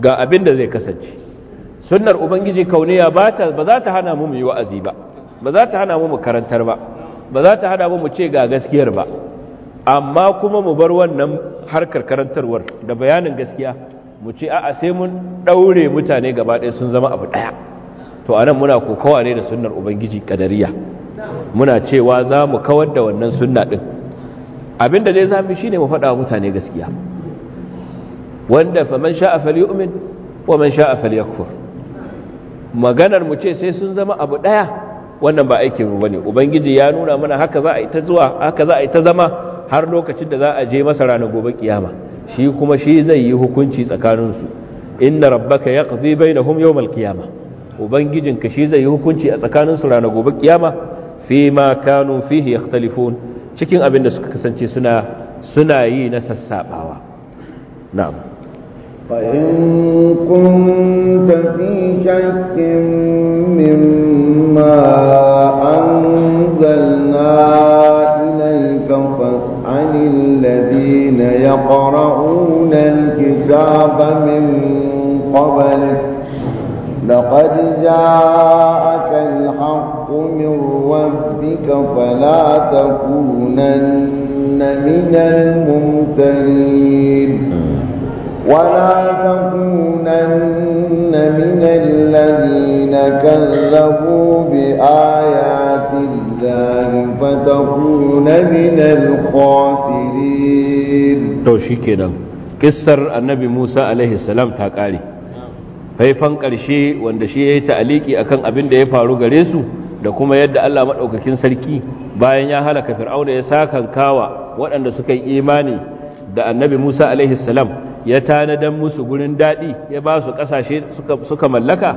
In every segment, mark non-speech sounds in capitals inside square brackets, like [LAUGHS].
ga abin da zai kasance sunnar ubangiji kauniya ba za ta hana mu mu yi wa'azi ba ba za ta hana mu mu karantar ba ba za ta hana mu mu ce ga gaskiyar ba amma kuma mu bar wannan harkar karantarwar da bayanin gaskiya mu ce a'a sai mun daure mutane gaba ɗaya sun zama abu ɗaya to anan muna kokawa ne da sunnar ubangiji kadariya muna cewa za mu kawar da wannan sunna ɗin abinda dai za shine mu faɗa mutane gaskiya wanda faman sha'a falyu'min wa man sha'a falyakfur maganar mu ce sai sun zama abu daya wannan ba aikin mu bane ubangiji ya nuna mana haka za a yi ta zuwa haka za a yi ta zama har lokacin da za a je masa ranar gobe kiyama shi kuma shi zai yi hukunci tsakanin su inna rabbaka yaqdi bainahum yawmal Ubangijin ka shi zai yi hukunci a tsakanin su ranar gobe kiyama fi ma kanu fihi yakhtalifun cikin abin da suka kasance suna suna yi na sassabawa na'am فإن كنت في مما أنزلنا إليك فاسأل الذين يقرؤون الكتاب من قبلك لقد جاءك الحق من ربك فلا تكونن من الممتنين ولا تكونن من الذين كذبوا بآيات الله فتكون من الخاسرين to shikenan kissar annabi Musa alaihi salam ta ƙare, faifan ƙarshe wanda shi yi ta'aliki akan abin da ya faru gare su da kuma yadda Allah madaukakin sarki bayan ya halaka fir'auna ya sakan kawa waɗanda suka yi imani da annabi Musa alaihi salam ya tanadan musu gurin daɗi ya ba su ƙasashe suka mallaka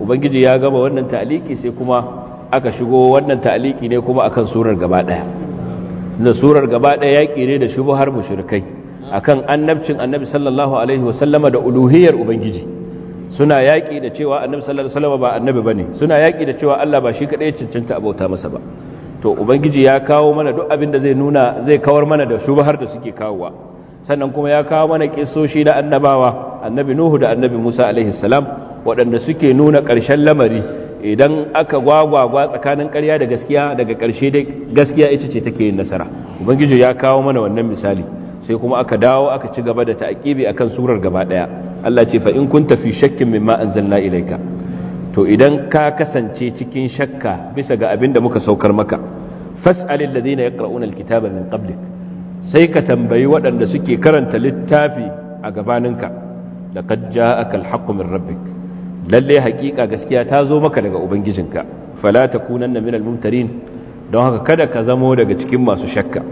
ubangiji ya gama wannan ta'aliki sai kuma aka shigo wannan ta'aliki ne kuma akan surar gaba ɗaya na surar gaba ɗaya yaƙi ne da har mushrikai akan annabcin annabi sallallahu alaihi wasallama da uluhiyar ubangiji suna yaƙi da cewa annabi sallallahu alaihi wasallama ba annabi bane suna yaƙi da cewa Allah ba shi kadai ya cancanta abauta masa ba to ubangiji ya kawo mana duk abin da zai nuna zai kawar mana da har da suke kawowa sannan kuma ya kawo mana kisoshi na annabawa annabi nuhu da annabi musa alaihi salam waɗanda suke nuna ƙarshen lamari idan aka gwagwagwa tsakanin ƙarya da gaskiya daga ƙarshe dai gaskiya ita ce take yin nasara ubangiji ya kawo mana wannan misali sai kuma aka dawo aka ci gaba da ta'aqibi akan surar gaba daya Allah ce fa in kunta fi shakkin mimma anzalna ilayka to idan ka kasance cikin shakka bisa ga abin da muka saukar maka fas'alil ladina yaqra'una alkitaba min qablik sai ka tambayi waɗanda suke karanta littafi a gabaninka laqad ja'aka al-haqqu rabbik Lallai haƙiƙa gaskiya ta zo maka daga ubangijinka fala takunanna min al-mumtarin don haka kada ka zamo daga cikin masu shakka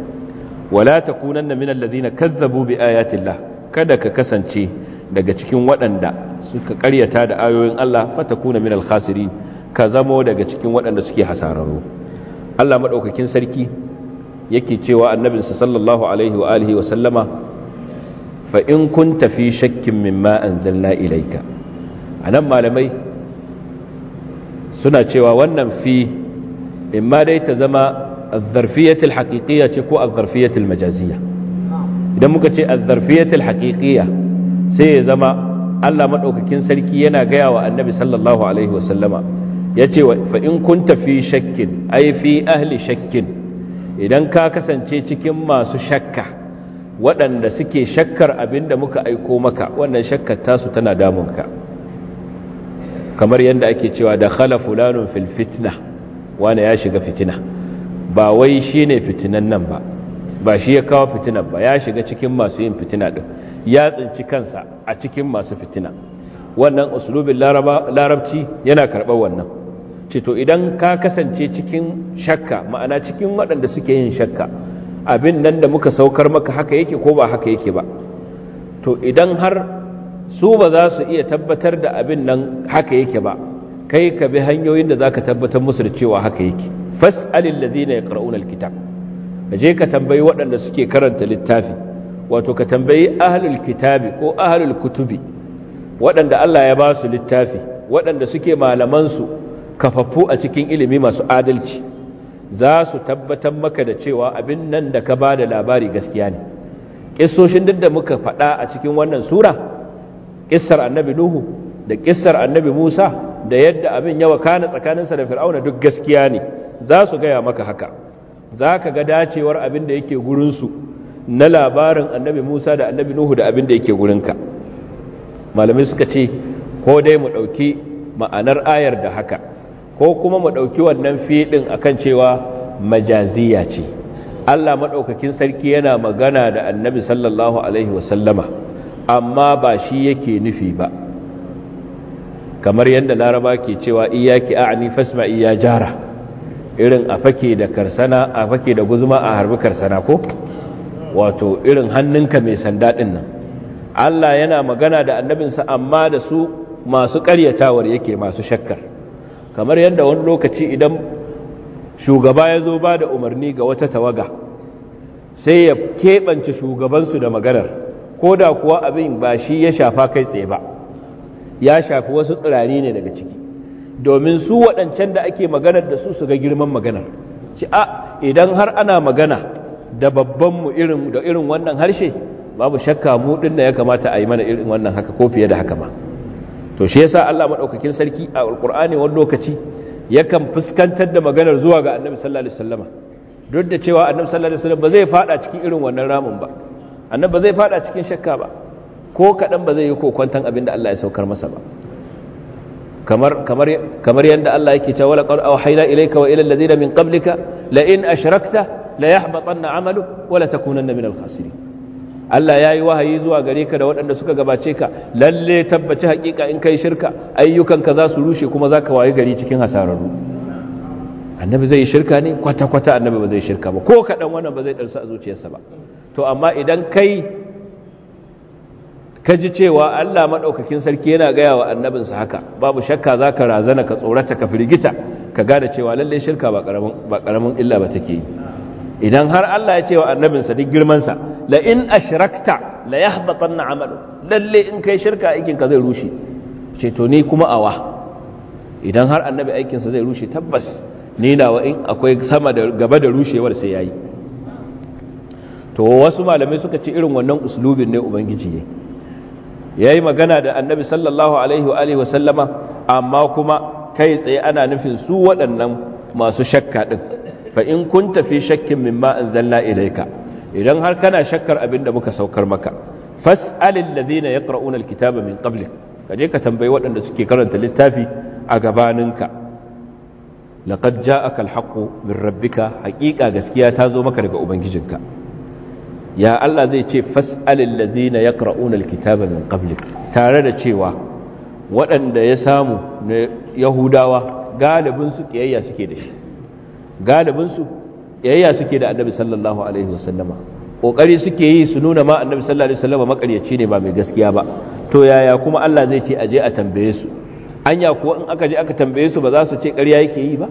wala takunanna min alladhina kazzabu bi ayatillah kada ka kasance daga cikin waɗanda suka ƙaryata da ayoyin Allah fata min al-khasirin ka zamo daga cikin waɗanda suke hasararru Allah madaukakin sarki yake cewa annabinsa sallallahu alaihi wa alihi wa sallama fa in kunta fi shakkin mimma anzalna ilayka anan malamai suna cewa wannan fi in ma dai ta zama الظرفية الحقيقية ko الظرفية المجازية idan muka ce الظرفية الحقيقية sai ya zama Allah madaukakin sarki yana gaya wa Annabi sallallahu alaihi wa sallama. yace fa in kunta fi shakkin ai fi ahli shakkin idan ka kasance cikin masu shakka waɗanda suke shakkar abin da muka aiko maka wannan shakkar tasu tana damunka kamar yadda ake cewa da khala fulanun fil fitna wani ya shiga fitina ba wai shi ne fitinan nan ba ba shi ya kawo fitinan ba ya shiga cikin masu yin fitina ɗin ya tsinci kansa a cikin masu fitina wannan usulubin larabci yana karɓar wannan Cito to idan ka kasance cikin shakka ma'ana cikin waɗanda suke yin shakka abin nan da muka saukar maka haka yake ko ba haka yake ba to idan har su ba za su iya tabbatar da abin nan haka yake ba kai ka bi hanyoyin da za ka tabbatar musu da cewa haka yake fas'alil ladina yaqra'una alkitab je ka tambayi waɗanda suke karanta littafi wato ka tambayi ahlul kitabi ko ahlul kutubi waɗanda Allah ya ba su littafi waɗanda suke malaman su Kafafu a cikin ilimi masu adalci za su tabbatar maka da cewa abin nan da ka ba da labari gaskiya ne ƙisoshin duk da muka faɗa a cikin wannan sura ƙisar annabi nuhu da ƙisar annabi musa da yadda abin yawa kana tsakaninsa da fir'auna duk gaskiya ne za su gaya maka haka za ka ga dacewar abin da yake gurinsu na labarin annabi musa da annabi nuhu da abin da yake gurinka malamai suka ce ko dai mu ɗauki ma'anar ayar da haka ko kuma mu ɗauki wannan fiɗin kan cewa majaziya ce Allah maɗaukakin sarki yana magana da annabi sallallahu alaihi wasallama amma ba shi yake nufi ba kamar yadda laraba ke cewa iyaki ni fasma iya jara irin a fake da karsana a fake da guzuma a harbi karsana ko wato irin hannunka mai sandaɗin nan Allah yana magana da annabinsa amma da su masu ƙaryatawar yake masu shakkar kamar yadda wani lokaci idan shugaba ya zo ba da umarni ga wata tawaga sai ya keɓance shugabansu da maganar ko da kuwa abin ba shi ya shafa kai tsaye ba ya shafi wasu tsirari ne daga ciki domin su waɗancan da ake maganar da su su ga girman maganar ci a idan har ana magana da babbanmu da irin wannan harshe babu shakka mu ɗin ya kamata a yi mana irin wannan haka ko fiye da haka ba to shi yasa Allah madaukakin sarki a alqur'ani wani lokaci yakan fuskantar da maganar zuwa ga annabi sallallahu alaihi wasallama duk da cewa annabi sallallahu alaihi wasallam ba zai fada cikin irin wannan ramin ba annabi ba zai fada cikin shakka ba ko kadan ba zai yi kokwantan abin da Allah ya saukar masa ba kamar kamar kamar yanda Allah yake cewa laqad awhayna ilayka wa ila alladhina min qablika la in ashrakta la yahbatanna 'amaluk wa la takunanna minal khasirin Allah ya yi wahayi zuwa gare ka da waɗanda suka gabace ka lalle tabbaci haƙiƙa in kai shirka ayyukanka za su rushe kuma za ka wayi gari cikin hasararru annabi zai yi shirka ne kwata-kwata annabi ba zai shirka ba ko kaɗan wannan ba zai ɗarsa a zuciyarsa ba to amma idan kai ka ji cewa Allah maɗaukakin sarki yana gaya wa annabinsa haka babu shakka za ka razana ka tsorata ka firgita ka gane cewa lalle shirka ba ƙaramin illa ba take yi idan har Allah ya ce wa annabinsa duk girmansa la in ashrakta la yahbatanna amalu lalle in kai shirka aikin zai rushe ce to ni kuma awa idan har annabi aikin zai rushe tabbas ni wa in akwai sama da gaba da rushewar sai yayi to wasu malamai suka ce irin wannan uslubin ne ubangiji yayi ya yi magana da annabi sallallahu alaihi wa sallama amma kuma kai tsaye ana nufin su waɗannan masu shakka ɗin fa in kun tafi shakkin mimma an zalla ilaika idan har kana shakkar abin da muka saukar maka fas'alil ladina yaqra'una alkitaba min qablik kaje ka tambayi waɗanda suke karanta littafi a gabaninka laqad ja'aka alhaqqu min rabbika haqiqa gaskiya ta zo maka daga ubangijinka ya Allah zai ce fas'alil ladina yaqra'una alkitaba min qablik tare da cewa waɗanda ya samu na yahudawa galibin su kiyayya suke da shi galibin su yayya suke da annabi sallallahu alaihi wasallama kokari suke yi su nuna ma annabi sallallahu alaihi wasallama makaryaci ne ba mai gaskiya ba to yaya kuma Allah zai ce aje a tambaye su anya ko in aka je aka tambaye su ba za su ce ƙarya yake yi ba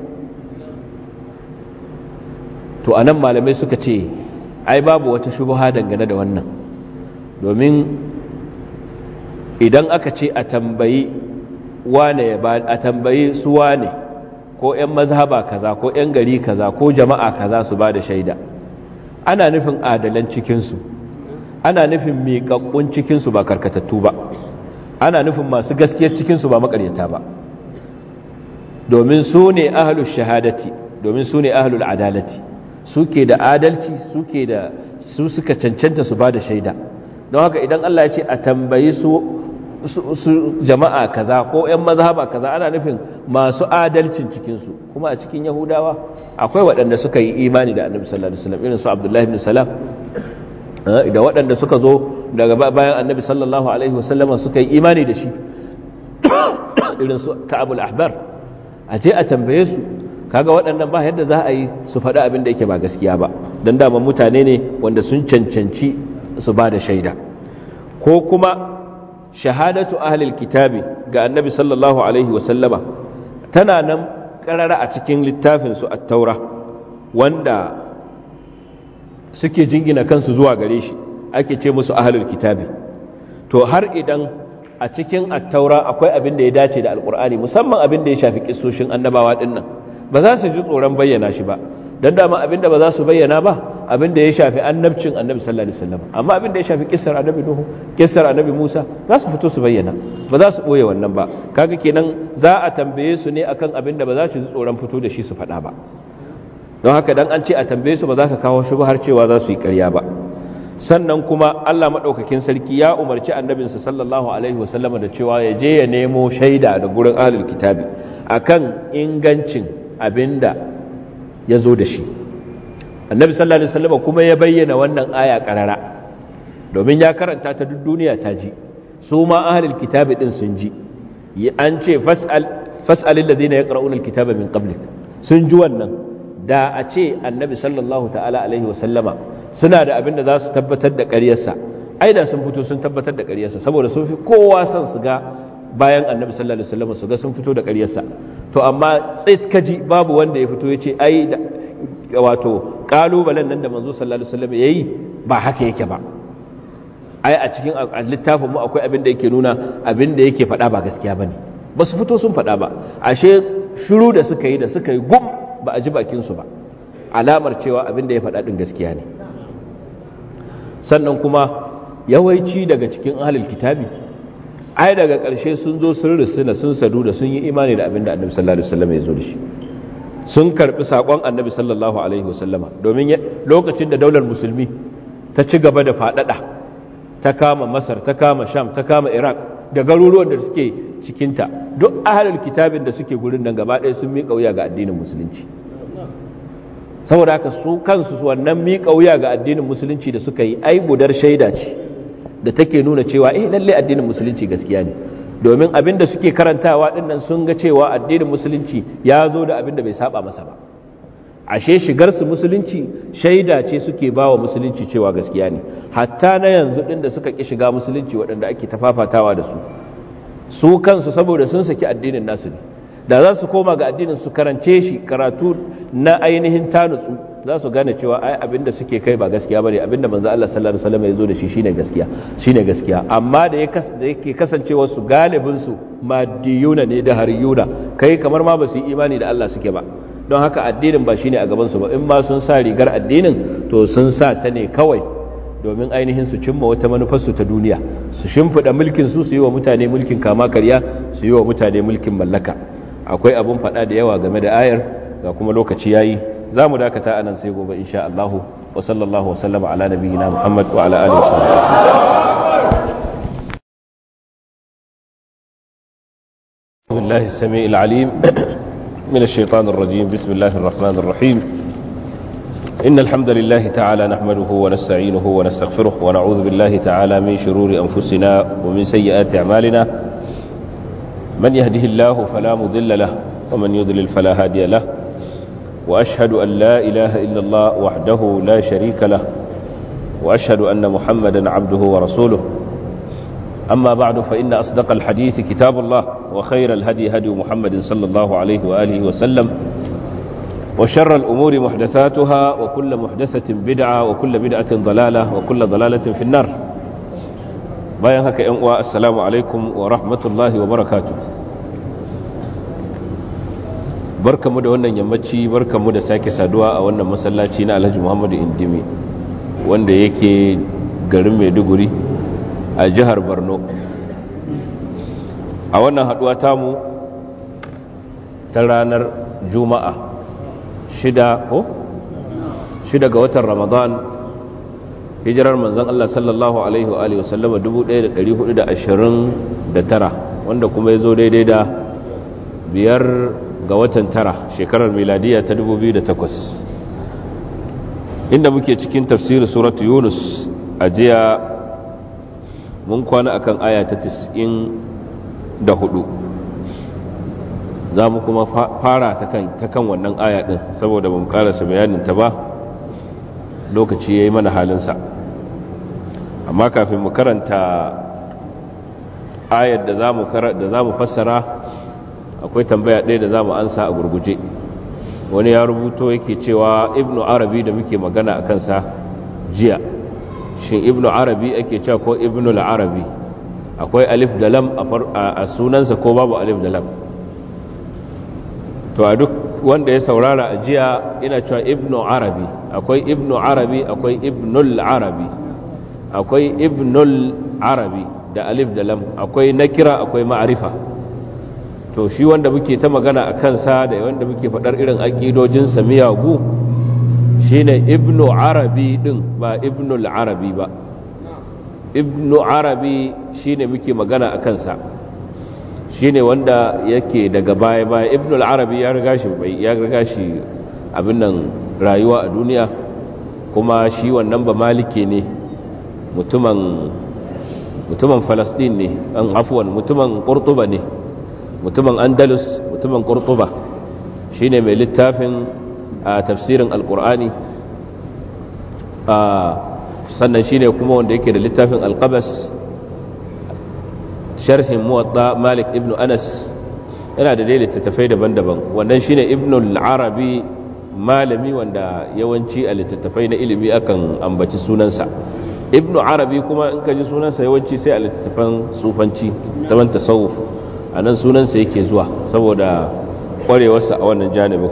to anan malamai suka ce ai babu wata shubha dangane da wannan domin idan aka ce a tambayi wane ba a tambayi su wane ko 'yan mazhaba kaza ko 'yan gari kaza ko jama'a kaza su ba da shaida ana nufin adalan cikinsu ana nufin miƙaƙƙun cikinsu ba karkatattu ba ana nufin masu gaskiyar cikinsu ba makaryata ba domin su ne ahalus shahadati domin su ne ahalul adalati su ke da adalci su ke da su suka cancanta su ba da shaida don haka idan Allah ya ce a tambayi su su jama'a kaza ko 'yan mazhaba kaza ana nufin masu adalcin cikinsu kuma a cikin yahudawa akwai waɗanda suka yi imani da annabi sallallahu alaihi wasallam irin su abdullahi ibn salam ah, da waɗanda suka zo daga bayan annabi sallallahu alaihi wasallam suka yi imani da shi [COUGHS] irin su ka'abul ahbar a je a tambaye su kaga waɗannan ba yadda za a yi su faɗi abin da yake ba gaskiya ba don da mutane ne wanda sun cancanci su ba da shaida ko kuma shahadatu ahlil kitabi ga annabi sallallahu alaihi wasallama tana nan karara a cikin littafinsu a taura wanda suke jingina kansu zuwa gare shi ake ce musu ahlul kitabi to har idan a cikin attaura akwai abin da ya dace da alkur'ani musamman abin da ya shafi kisoshin annabawa dinnan ba za su ji tsoron bayyana shi ba don dama abin da ba za su bayyana ba abin da ya shafi annabcin annabi sallallahu alaihi wasallam amma abin da ya shafi kissar annabi nuhu kissar annabi musa za su fito su bayyana ba za su boye wannan ba kaga kenan za a tambaye su ne akan abin da ba za su ji tsoron fito da shi su faɗa ba don haka dan an ce a tambaye su ba za ka kawo shi har cewa za su yi ƙarya ba sannan kuma Allah madaukakin sarki ya umarci annabinsa sallallahu alaihi wasallam da cewa ya je ya nemo shaida da gurin ahlul kitabi akan ingancin abinda ya zo da shi annabi sallallahu alaihi wasallam kuma ya bayyana wannan aya karara domin ya karanta ta duk duniya ta ji su ma ahlul kitabi din sun ji an ce fas'al fas'alil ladina yaqra'una alkitaba min qablik sun ji wannan da a ce annabi sallallahu ta'ala alaihi wasallama suna da abin da za su tabbatar da ƙaryarsa ai da sun fito sun tabbatar da ƙaryarsa saboda sun fi kowa son su ga bayan annabi sallallahu alaihi wasallam su ga sun fito da ƙaryarsa to amma tsit kaji babu wanda ya fito ya ce ai wato kalubalen nan da manzo sallallahu alaihi wasallam yayi ba haka yake ba ai a cikin littafin mu akwai abin da yake nuna abin da yake faɗa ba gaskiya bane ba su fito sun faɗa ba ashe shiru da suka yi da suka yi gum ba a ji bakin su ba alamar cewa abin da ya faɗa din gaskiya ne sannan kuma yawanci daga cikin ahlul kitabi ai daga ƙarshe sun zo sun rusuna sun sadu da sun yi imani da abin da annabi sallallahu alaihi wasallam ya zo da shi sun karbi sakon annabi sallallahu alaihi wasallama domin lokacin da daular musulmi ta ci gaba da faɗaɗa ta kama masar ta kama sham ta kama iraq da garuruwan da suke cikinta duk ahalar kitabin da suke gurin nan gaba ɗaya sun miƙa wuya ga addinin musulunci saboda haka su kansu wannan miƙa wuya ga addinin musulunci da suka yi ai budar shaida ce da take nuna cewa eh lallai addinin musulunci gaskiya ne domin abin da suke karantawa dinnan sun ga cewa addinin musulunci ya zo da abin da bai saba masa ba ashe shigar su musulunci shaida ce suke bawa musulunci cewa gaskiya ne hatta na yanzu din da suka ki shiga musulunci waɗanda ake tafafatawa da su su kansu saboda sun saki addinin nasu ne da za su koma ga addinin su karance shi karatu na ainihin tanutsu za su gane cewa ai abinda suke kai ba gaskiya bane abinda manzo Allah sallallahu alaihi wasallam ya zo da shi shine gaskiya shine gaskiya amma da yake kasancewa su galibin su madiyuna ne da haryuna. kai kamar ma ba su imani da Allah suke ba don haka addinin ba shine a gaban su ba in ma sun sa rigar addinin to sun sa ta ne kawai domin ainihin su cimma wata manufar su ta duniya su shimfida mulkin su su yi wa mutane mulkin kama karya su yi wa mutane mulkin mallaka akwai abun fada da yawa game da ayar ga kuma lokaci yayi zamu dakata anan sai gobe insha Allah wa sallallahu wa sallama ala nabiyina Muhammad wa ala alihi wa sahbihi billahi as-sami'il 'alim من الشيطان الرجيم بسم الله الرحمن الرحيم إن الحمد لله تعالى نحمده ونستعينه ونستغفره ونعوذ بالله تعالى من شرور أنفسنا ومن سيئات أعمالنا من يهده الله فلا مضل له ومن يضلل فلا هادي له وأشهد أن لا إله إلا الله وحده لا شريك له وأشهد أن محمدا عبده ورسوله أما بعد فإن أصدق الحديث كتاب الله وخير الهدي هدي محمد صلى الله عليه وآله وسلم وشر الأمور محدثاتها وكل محدثة بدعة وكل بدعة ضلالة وكل ضلالة في النار باين هكا السلام عليكم ورحمة الله وبركاته barkamu da wannan yammaci barkamu da sake saduwa a wannan masallaci na alhaji muhammadu indimi wanda yake garin maiduguri a jihar borno a wannan haduwa tamu ta ranar juma'a shida ko shida ga watan ramadan hijirar manzan allah sallallahu alaihi wa sallama 1429 wanda kuma ya zo daidai da biyar ga watan tara shekarar miladiya ta 2008 inda muke cikin tafsirin suratu yunus a jiya mun kwana akan aya ta 94 za mu kuma fara ta kan wannan aya din saboda bamu karasa ta ba lokaci ya yi mana halinsa amma kafin mu karanta ayar da za mu fassara akwai tambaya ɗaya da za mu ansa a gurguje wani ya rubuto yake cewa ibnu arabi da muke magana a kansa jiya shi ibnu arabi ake cewa ko ibnu arabi akwai alif da lam a sunansa ko babu alif da lam to a duk wanda ya saurara a jiya ina cewa ibnu arabi akwai ibnu arabi akwai ibnu arabi akwai ibnul arabi da alif da lam akwai nakira akwai ma'arifa to shi wanda muke ta magana a kansa da wanda muke faɗar irin aƙidojinsa miyagu shi ne ibnu arabi ɗin ba ibnu arabi ba ibnu arabi shi ne muke magana a kansa shi ne wanda yake daga baya-baya ibnu arabi ya riga shi abin nan rayuwa a duniya kuma shi wannan ba maliki ne mutumin falastin ne an afuwan mutumin ƙurtuba ne mutumin andalus mutumin kurtuba shine mai littafin a tafsirin alkur'ani sannan shine kuma wanda yake da littafin alkabas sharhin muwatta malik ibn anas yana da dai littattafai daban-daban wannan shine ibn arabi malami wanda yawanci a littattafai na ilimi akan ambaci sunansa ibn arabi kuma in ka ji sunansa yawanci sai a littattafan sufanci ta tasawuf a nan sunansa yake zuwa saboda ƙwarewarsa a wannan janibin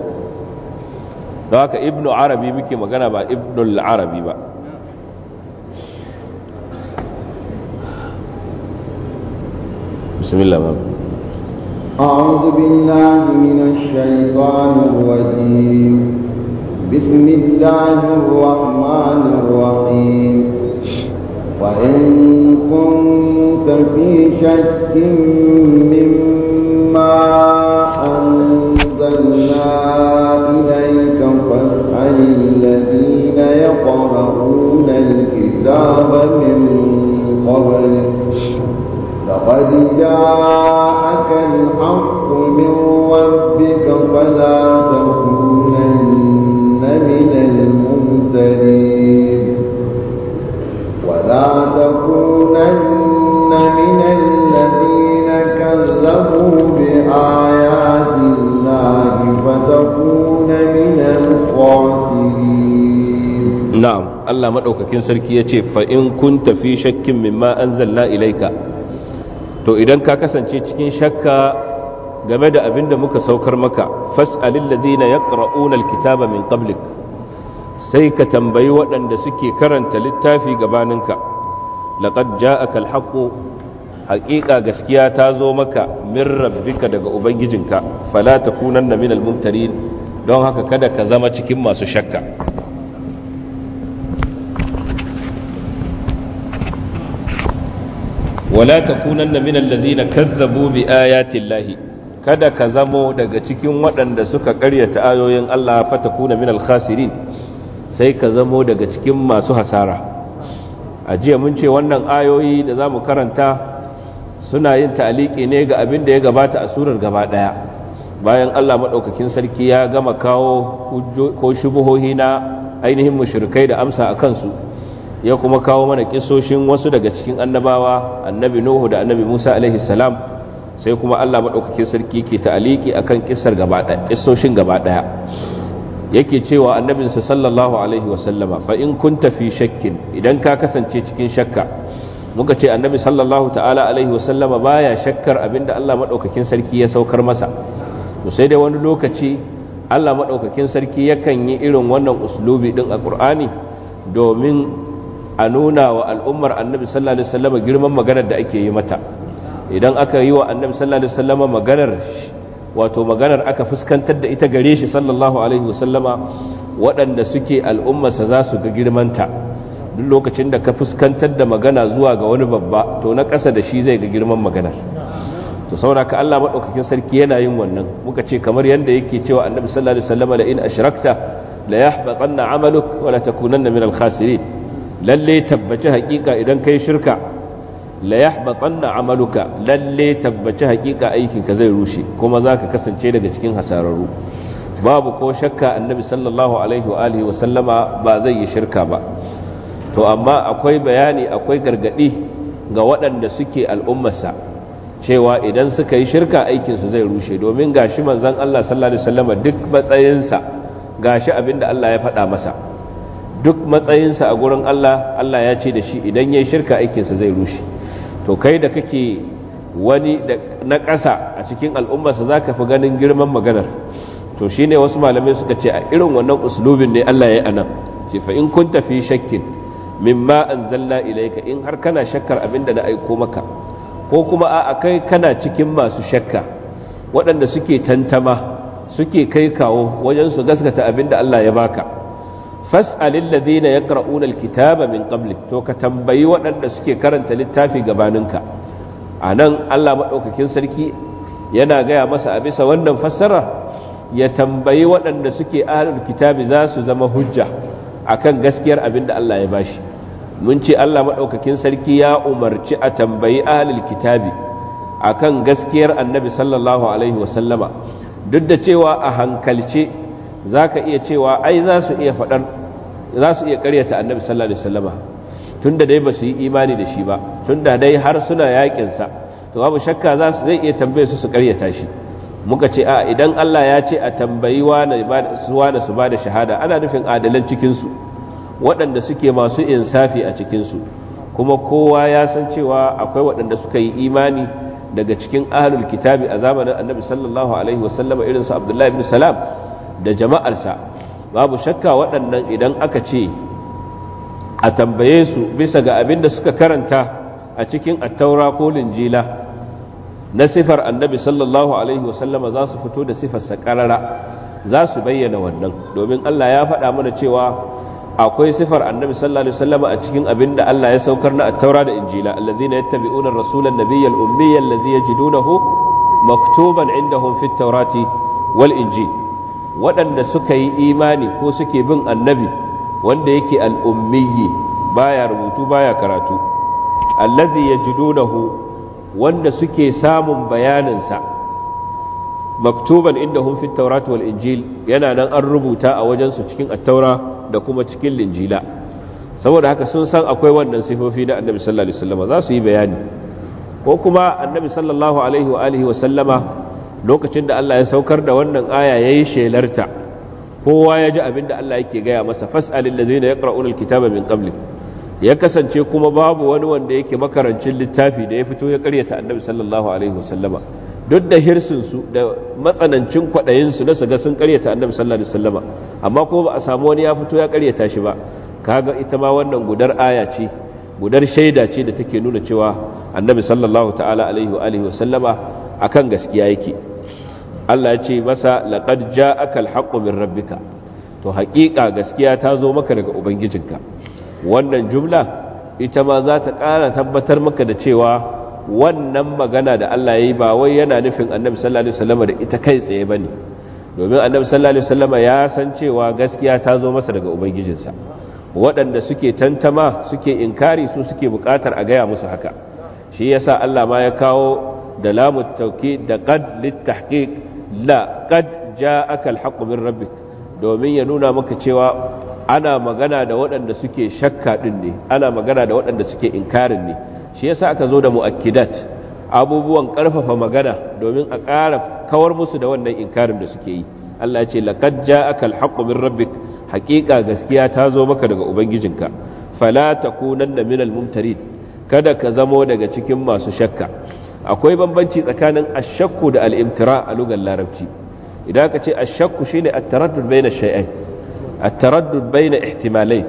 da haka ibnu arabi muke magana ba ibnu arabi ba بسم الله باب أعوذ بالله من الشيطان الرجيم بسم الله الرحمن الرحيم وإن كنت في شك مما أنزلنا إليك فاسأل الذين يقرؤون الكتاب من قبلك لقد جاءك الحق من ربك فلا تكونن من الممتلين ولا تكونن من الذين كذبوا بآيات الله فتكون من الخاسرين نعم الله مدوكاكين سركي يجي فإن كنت في شك مما أنزلنا إليك to idan ka kasance cikin shakka game da abin da muka saukar maka fas'alil ladina yaqra'una alkitaba min qablik sai ka tambayi waɗanda suke karanta littafi gabaninka laqad ja'aka alhaqu haƙiƙa gaskiya ta zo maka min rabbika daga ubangijinka fala takunanna minal mumtarin don haka kada ka zama cikin masu shakka wala takunanna min ladhina kazzabu bi ayati llahi kada ka zamo daga cikin waɗanda suka ƙaryata ayoyin Allah fatakuna minal khasirin sai ka zamo daga cikin masu hasara a jiya mun ce wannan ayoyi da za mu karanta suna yin ta'aliki ne ga abin da ya gabata a surar gaba daya bayan allah maɗaukakin sarki ya gama kawo ko shubuhohi na ainihin mushrikai da amsa a kansu ya kuma kawo mana kisoshin wasu daga cikin annabawa annabi nuhu da annabi musa alaihi salam sai kuma allah maɗaukakin sarki ke ta'aliki akan kisar gaba ɗaya yake cewa annabinsa sallallahu alaihi wasallama fa in kunta fi shakkin idan ka kasance cikin shakka muka ce annabi sallallahu ta'ala alaihi wasallama baya shakkar abinda Allah madaukakin sarki ya saukar masa to sai dai wani lokaci Allah madaukakin sarki yakan yi irin wannan uslubi din a ƙur'ani domin a nuna wa al'ummar annabi sallallahu alaihi wasallama girman maganar da ake yi mata idan aka yi wa annabi sallallahu alaihi wasallama maganar wato maganar aka fuskantar da ita gare shi sallallahu alaihi wasallama waɗanda suke al'ummarsa za su ga girmanta duk lokacin da ka fuskantar da magana zuwa ga wani babba to na ƙasa da shi zai ga girman maganar to saboda ka Allah madaukakin sarki yana yin wannan muka ce kamar yanda yake cewa annabi sallallahu alaihi wasallama la in ashrakta la yahbatanna amaluk wa la takunanna min al-khasirin lalle tabbaci hakika idan kai shirka la yahbatanna amaluka lalle tabbaci hakika aikinka zai rushe kuma zaka kasance daga cikin hasararru babu ko shakka annabi sallallahu alaihi wa alihi wa sallama ba zai yi shirka ba to amma akwai bayani akwai gargadi ga waɗanda suke al'ummarsa cewa idan suka yi shirka aikinsu zai rushe domin gashi manzon Allah sallallahu alaihi wasallama duk matsayinsa gashi abinda Allah ya faɗa masa duk matsayinsa a gurin Allah Allah ya ce da shi idan ya yi shirka aikinsa zai rushe to kai da kake wani na ƙasa a cikin al'ummarsa za ka fi ganin girman maganar to shi ne wasu malamai suka ce a irin wannan uslubin ne Allah ya yi anan ce fa in kun tafi shakkin mimma zalla ilaika in har kana shakkar abin da na aiko maka ko kuma a kai kana cikin masu shakka waɗanda suke tantama suke kai kawo wajen su gaskata da Allah ya baka fas'alil ladina yaqra'una kitaba min qablik to ka tambayi waɗanda suke karanta littafi gabaninka anan Allah madaukakin sarki yana gaya masa a bisa wannan fassara ya tambayi waɗanda suke ahlul kitabi za su zama hujja akan gaskiyar abin da Allah ya bashi mun ce Allah madaukakin sarki ya umarci a tambayi ahlul kitabi akan gaskiyar annabi sallallahu alaihi sallama duk da cewa a hankalce za ka iya cewa ai za su iya faɗar za su iya ƙaryata annabi sallallahu alaihi wasallama tun da dai ba su yi imani da shi ba tun da dai har suna yaƙinsa to babu shakka za su zai iya tambaye su su ƙaryata shi muka ce a idan Allah ya ce a tambayi wane su ba da shahada ana nufin adalan cikinsu waɗanda suke masu insafi a cikinsu kuma kowa ya san cewa akwai waɗanda suka yi imani daga cikin ahlul kitabi a zamanin annabi sallallahu alaihi irin irinsu abdullahi ibn salam da jama'arsa babu shakka waɗannan idan aka ce a tambaye su bisa ga abin da suka karanta a cikin attaura ko linjila na sifar annabi sallallahu alaihi wasallama za su fito da sifarsa ƙarara za su bayyana wannan domin allah ya faɗa mana cewa akwai sifar annabi sallallahu alaihi wasallama a cikin abin da allah ya saukar na attaura da injila allazina yattabi'una rasulan nabiyyal ummiyya allazi yajidunahu maktuban indahum fit tawrati wal injil waɗanda suka yi imani ko suke bin annabi wanda yake al'ummiyi baya rubutu baya karatu allazi yajidunahu wanda suke samun bayaninsa maktuban inda fi tawrat wal injil yana nan an rubuta a wajensu cikin attaura da kuma cikin linjila saboda haka sun san akwai wannan sifofi na annabi sallallahu alaihi wasallam za su yi bayani ko kuma annabi sallallahu alaihi wa alihi wa sallama lokacin da Allah ya saukar da wannan aya ya yi shelarta kowa ya ji abin da Allah yake gaya masa na ya yaqra'una alkitaba min qabli ya kasance kuma babu wani wanda yake makarancin littafi da ya fito ya karyata annabi sallallahu alaihi wasallama duk da hirsinsu da matsanancin kwaɗayinsu na su ga sun karyata annabi sallallahu alaihi wasallama amma ko ba a samu wani ya fito ya karyata shi ba kaga ita ma wannan gudar aya ce gudar shaida ce da take nuna cewa annabi sallallahu ta'ala alaihi wa alihi wasallama akan gaskiya yake Allah ya ce masa laqad ja'aka alhaqqu min rabbika to haƙiƙa gaskiya ta zo maka daga ubangijinka wannan jumla ita ma za ta ƙara tabbatar maka da cewa wannan magana da Allah ya yi ba wai yana nufin annabi sallallahu alaihi wasallam da ita kai tsaye bane domin annabi sallallahu alaihi wasallam ya san cewa gaskiya ta zo masa daga ubangijinsa waɗanda suke tantama suke inkari su suke buƙatar a gaya musu haka shi yasa Allah ma ya kawo da lamu tauki da qad litahqiq la qad ja alhaqqu min rabbik domin ya nuna maka cewa ana magana da waɗanda suke shakka din ne ana magana da waɗanda suke inkarin ne shi yasa aka zo da muakkidat abubuwan ƙarfafa magana domin a ƙara kawar musu da wannan inkarin da suke yi Allah ce la laqad ja alhaqqu min rabbik haƙiƙa gaskiya ta zo maka daga ubangijinka fala takunanna minal mumtarin kada ka zamo daga cikin masu shakka akwai bambanci tsakanin ashakku da al'imtira a lugar larabci idan ka ce ashakku shine at na bayna sha'ai at bai na ihtimalai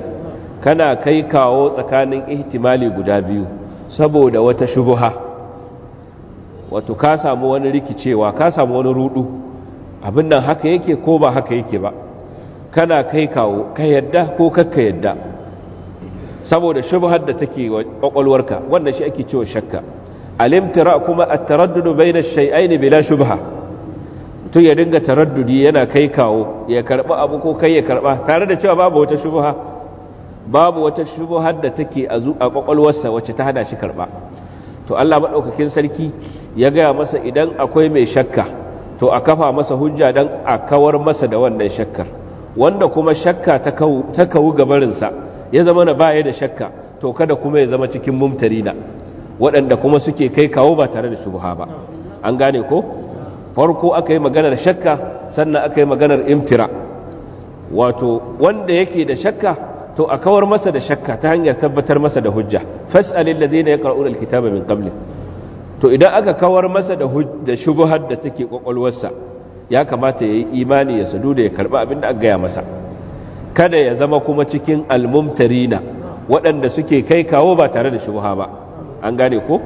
kana kai kawo tsakanin ihtimali guda biyu saboda wata shubuha wato ka samu wani rikicewa ka samu wani rudu abin nan haka yake ko ba haka yake ba kana kai kawo ka yadda ko kakka yadda saboda shubuhar da take kwakwalwarka wannan shi ake cewa shakka alimtira kuma a taraddudu bayna ash-shay'aini bila shubha mutum ya dinga taraddudi yana kai kawo ya karba abu ko kai ya karba tare da cewa babu wata shubha babu wata shubha da take a kwakwalwarsa wacce ta hada shi karɓa? to Allah maɗaukakin sarki ya gaya masa idan akwai mai shakka to a kafa masa hujja dan a kawar masa da wannan shakkar wanda kuma shakka ta kawu gabarinsa ya zama na baya da shakka to kada kuma ya zama cikin mumtarina waɗanda kuma suke kai kawo ba tare da shubha ba an gane ko farko aka yi maganar shakka sannan aka yi maganar imtira wato wanda yake da shakka to a kawar masa da shakka ta hanyar tabbatar masa da hujja fas'alil ladina yaqra'una alkitaba min qabli to idan aka kawar masa da da shubhar da take kwakwalwarsa ya kamata yayi imani ya sadu da ya karba abinda aka gaya masa kada ya zama kuma cikin almumtarina waɗanda suke kai kawo ba tare da shubuha ba an gane ko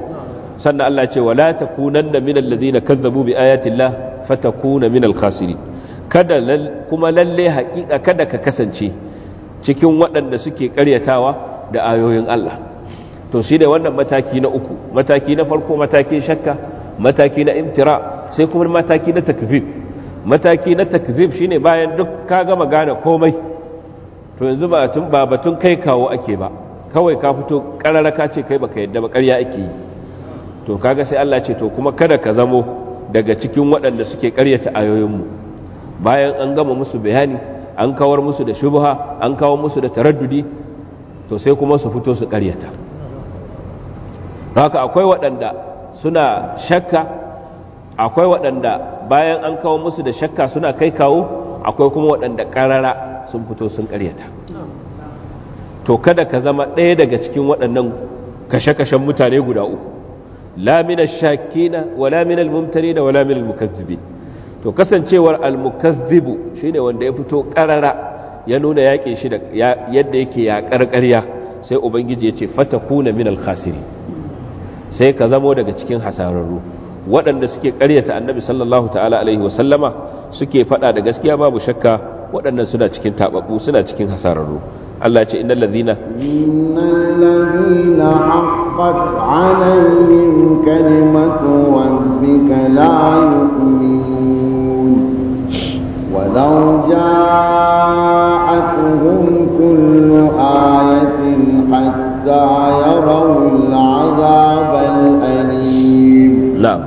sannan Allah ce wala da minal ladina kazzabu bi ayatillah fatakuna minal khasirin kada kuma lalle haƙiƙa kada ka kasance cikin waɗanda suke ƙaryatawa da ayoyin Allah to shi da wannan mataki na uku mataki na farko matakin shakka mataki na imtira sai kuma mataki na takzib mataki na takzib shine bayan duk ka gama gane komai to yanzu ba ba batun kai kawo ake ba kawai ka fito karara ka ce kai baka yadda ba ƙarya ake yi to kaga sai Allah ce to kuma kada ka zamo daga cikin waɗanda suke karyata ayoyinmu bayan an gama musu bayani an kawar musu da shubha an kawo musu da taraddudi to sai kuma su fito su ƙaryata haka akwai waɗanda suna shakka akwai waɗanda bayan an kawo musu da shakka suna kai kawo akwai kuma waɗanda ƙarara sun fito sun ƙaryata to kada ka zama ɗaya daga cikin waɗannan kashe-kashen mutane guda uku laminar shakina wa laminar mumtari da wa laminar mukazzibi to kasancewar almukazzibu ne wanda ya fito ƙarara ya nuna yaƙe shi da yadda yake ya ƙarƙarya, sai ubangiji ya ce fata kuna min alkhasiri sai ka zamo daga cikin hasararru waɗanda suke ƙaryata annabi sallallahu ta'ala alaihi wasallama suke faɗa da gaskiya babu shakka waɗannan suna cikin taɓaɓɓu suna cikin hasararru Allah ce innal alaihim kalimatu rabbika la yu'minun walau ja'atuhum kullu ayatin hatta yarawu al'azab al'alim na'am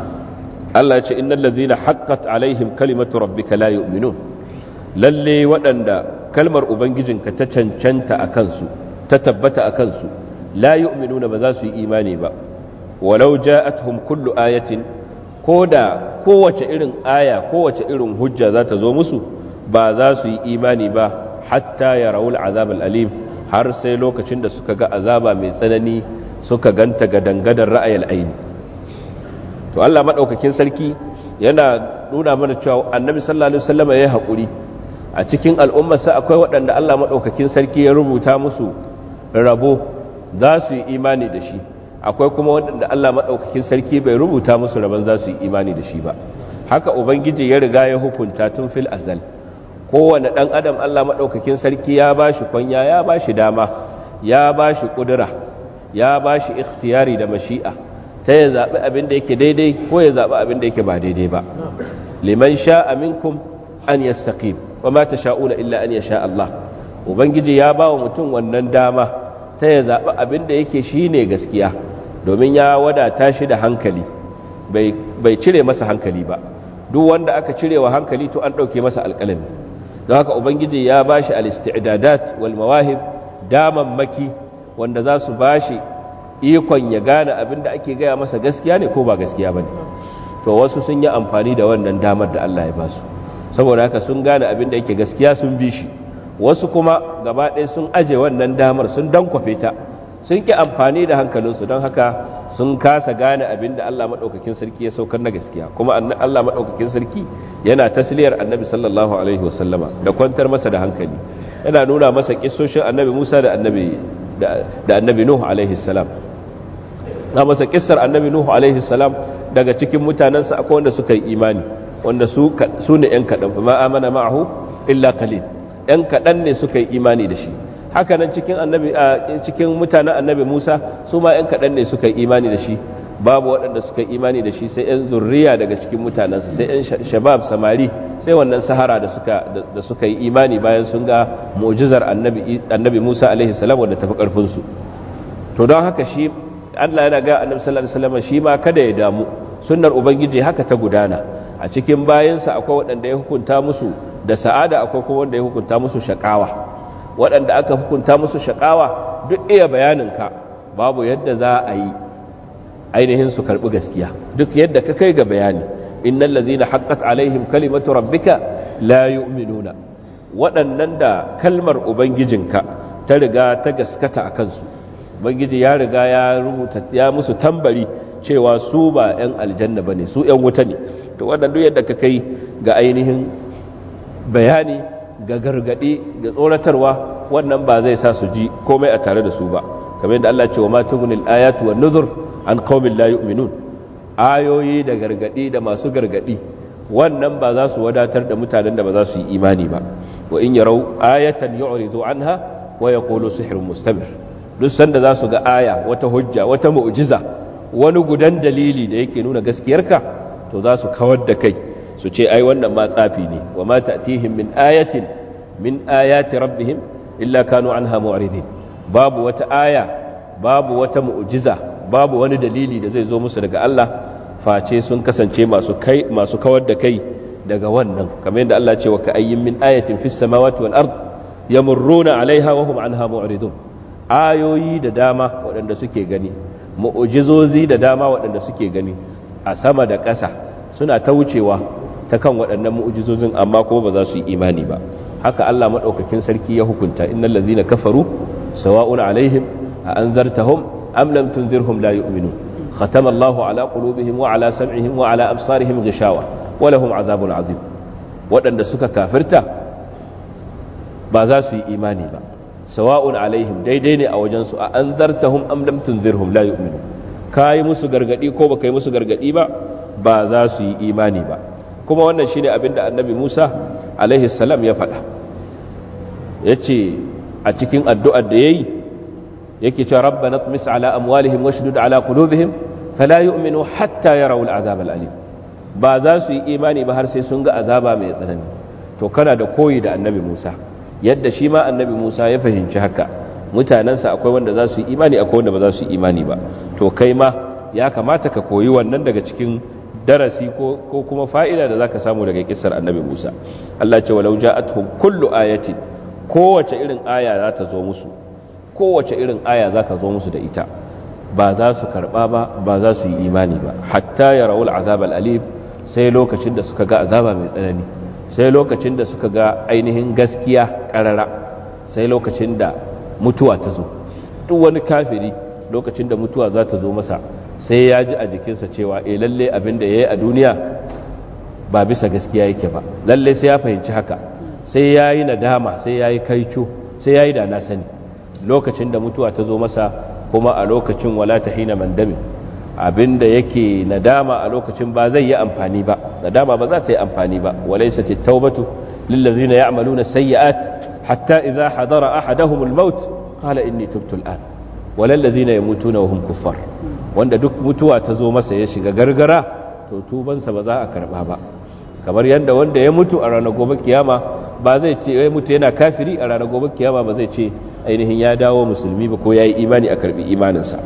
Allah ce innal alaihim kalimatu rabbika la yu'minun lalle waɗanda kalmar ubangijinka ta cancanta a kansu ta tabbata a kansu la yu'minuna ba za su yi imani ba walau ja'atuhum kullu ayatin koda kowace irin aya kowace irin hujja za ta zo musu ba za su yi imani ba hatta ya raul azab alim har sai lokacin da suka ga azaba mai tsanani suka ganta ga dangadan ra'ayil aini to Allah madaukakin sarki yana nuna mana cewa annabi sallallahu alaihi wasallam ya yi haƙuri a cikin al'ummarsa akwai waɗanda Allah maɗaukakin sarki ya rubuta musu rabo za su yi imani da shi akwai kuma waɗanda Allah maɗaukakin sarki bai rubuta musu rabon za su yi imani da shi ba haka ubangiji ya riga ya hukunta tun fil azal kowane ɗan adam Allah maɗaukakin sarki ya ba shi kwanya ya ba shi dama ya ba shi ƙudura ya ba shi ikhtiyari da mashi'a ta ya zaɓi abin da yake daidai ko ya zaɓi abin da yake ba daidai ba liman sha aminkum an yastaqim wa ma sha'una illa an sha Allah ubangiji ya ba wa mutum wannan dama ta ya zaɓi abin da yake shine gaskiya domin ya wadata shi da hankali bai cire masa hankali ba duk wanda aka cire wa hankali to an ɗauke masa alƙalami don haka ubangiji ya ba shi al-isti'dadat wal mawahib maki wanda za su ba shi ikon ya gane abin da ake gaya masa gaskiya ne ko ba gaskiya ba ne to wasu sun yi amfani da wannan damar da Allah ya ba su saboda haka sun gane abin da yake gaskiya sun bi shi wasu kuma gaba ɗaya sun aje wannan damar sun kwafe ta sun ki amfani da hankalinsu don haka sun kasa gane abin da Allah maɗaukakin sarki ya saukar na gaskiya kuma Allah maɗaukakin sarki yana tasliyar annabi sallallahu alaihi wasallama da kwantar masa da hankali yana nuna masa kisoshin annabi musa da annabi da annabi nuhu alaihi salam na masa kissar annabi nuhu alaihi salam daga cikin mutanensa akwai wanda suka yi imani wanda su ne 'yan kaɗan ma amana ma'ahu illa kalil 'yan kaɗan ne suka yi imani da shi haka nan cikin annabi mutanen annabi Musa su ma 'yan kaɗan ne suka yi imani da shi babu waɗanda suka yi imani da shi sai 'yan zurriya daga cikin mutanensa sai 'yan shabab samari sai wannan sahara da suka yi imani bayan sun ga mu'jizar annabi Musa alaihi salam wanda tafi ƙarfinsu to don haka shi Allah yana ga annabi sallallahu alaihi wasallam shi ma kada ya damu sunnar ubangiji haka ta gudana a cikin bayansa akwai waɗanda ya hukunta musu da sa'ada akwai kuma wanda ya hukunta musu shakawa waɗanda aka hukunta musu shakawa duk iya bayaninka babu yadda za a yi ainihin su karɓi gaskiya duk yadda ka kai ga bayani innal lazina haqqat alaihim kalimatu rabbika la yu'minuna waɗannan da kalmar ubangijinka ta riga ta gaskata a kansu ubangiji ya riga ya rubuta ya musu tambari cewa su ba 'yan aljanna ba ne su 'yan wuta ne to wannan duk yadda ka kai ga ainihin bayani ga gargadi ga tsoratarwa wannan ba zai sa su ji komai a tare da su ba kamar yadda Allah ce wa ma tughnil ayatu wan nuzur an qaumin la yu'minun ayoyi da gargadi da masu gargadi wannan ba za su wadatar da mutanen da ba za su yi imani ba wa in yarau ayatan yu'ridu anha wa yaqulu sihrun mustamir duk sanda za su ga aya wata hujja wata mu'jiza wani gudan dalili da yake nuna gaskiyarka to za su kawar da kai su ce ai wannan ma tsafi ne wa ma ta'tihim min ayatin min ayati rabbihim illa kanu anha mu'ridin babu wata aya babu wata mu'jiza babu wani dalili da zai zo musu daga Allah face sun kasance masu kai masu kawar da kai daga wannan kamar yadda Allah ce wa ka min ayatin fis samawati wal ard yamurruna alaiha wa hum anha mu'ridun ayoyi da dama waɗanda suke gani mu'jizozi da dama waɗanda suke gani a sama da ƙasa suna ta wucewa ta kan waɗannan mu'ujizozin amma kuma ba za su yi imani ba haka Allah maɗaukakin sarki ya hukunta innal ladzina kafaru sawa'un alaihim a anzartahum am lam tunzirhum la yu'minun khatama Allahu ala qulubihim wa ala sam'ihim wa ala absarihim ghishawa wa lahum azabun azim waɗanda suka kafirta ba za su yi imani ba sawa'un alaihim daidai ne a wajensu a anzartahum am lam tunzirhum la yu'minun ka yi musu gargadi ko baka yi musu gargadi ba ba za su yi imani ba kuma wannan shine abin da annabi Musa alaihi salam ya faɗa yace a cikin addu'ar da yayi yake cewa rabbana tmis ala amwalihim washdud ala qulubihim fala yu'minu hatta yarawu al'azab al'alim ba za su yi imani ba har sai sun ga azaba mai tsanani to kana da koyi da annabi Musa yadda shi ma annabi Musa ya fahimci haka mutanensa akwai wanda za su yi imani akwai wanda ba za su yi imani ba to kai ma ya kamata ka koyi wannan daga cikin darasi ko kuma fa'ida da za ka samu daga kisar annabi musa allah ce walau ja'atuhum kullu ayatin kowace irin aya za ta zo musu kowace irin aya za ka zo musu da ita ba za su karba ba ba za su yi imani ba hatta ya rawul azab al'alib sai lokacin da suka ga azaba mai tsanani sai lokacin da suka ga ainihin gaskiya karara sai lokacin da mutuwa ta zo duk wani kafiri lokacin da mutuwa za ta zo masa sai ya ji a jikinsa cewa e lalle abin da ya yi a duniya ba bisa gaskiya yake ba lalle sai ya fahimci haka sai ya yi nadama sai ya yi kaico sai ya yi da na sani lokacin da mutuwa ta zo masa kuma a lokacin wala ta hina mandami abin da yake nadama a lokacin ba zai yi amfani ba nadama ba za ta yi amfani ba walaisa tattaubatu lillazina ya'maluna sayyi'at hatta idza hadara ahaduhum al-maut qala inni tubtu al-an walal ladhina yamutuna wa hum kuffar wanda duk mutuwa ta zo masa ya shiga gargara to tubansa ba za a karba ba kamar yadda wanda ya mutu a ranar gobe kiyama ba zai ce ya mutu yana kafiri a ranar gobe kiyama ba zai ce ainihin ya dawo musulmi ba ko ya yi imani a karɓi imaninsa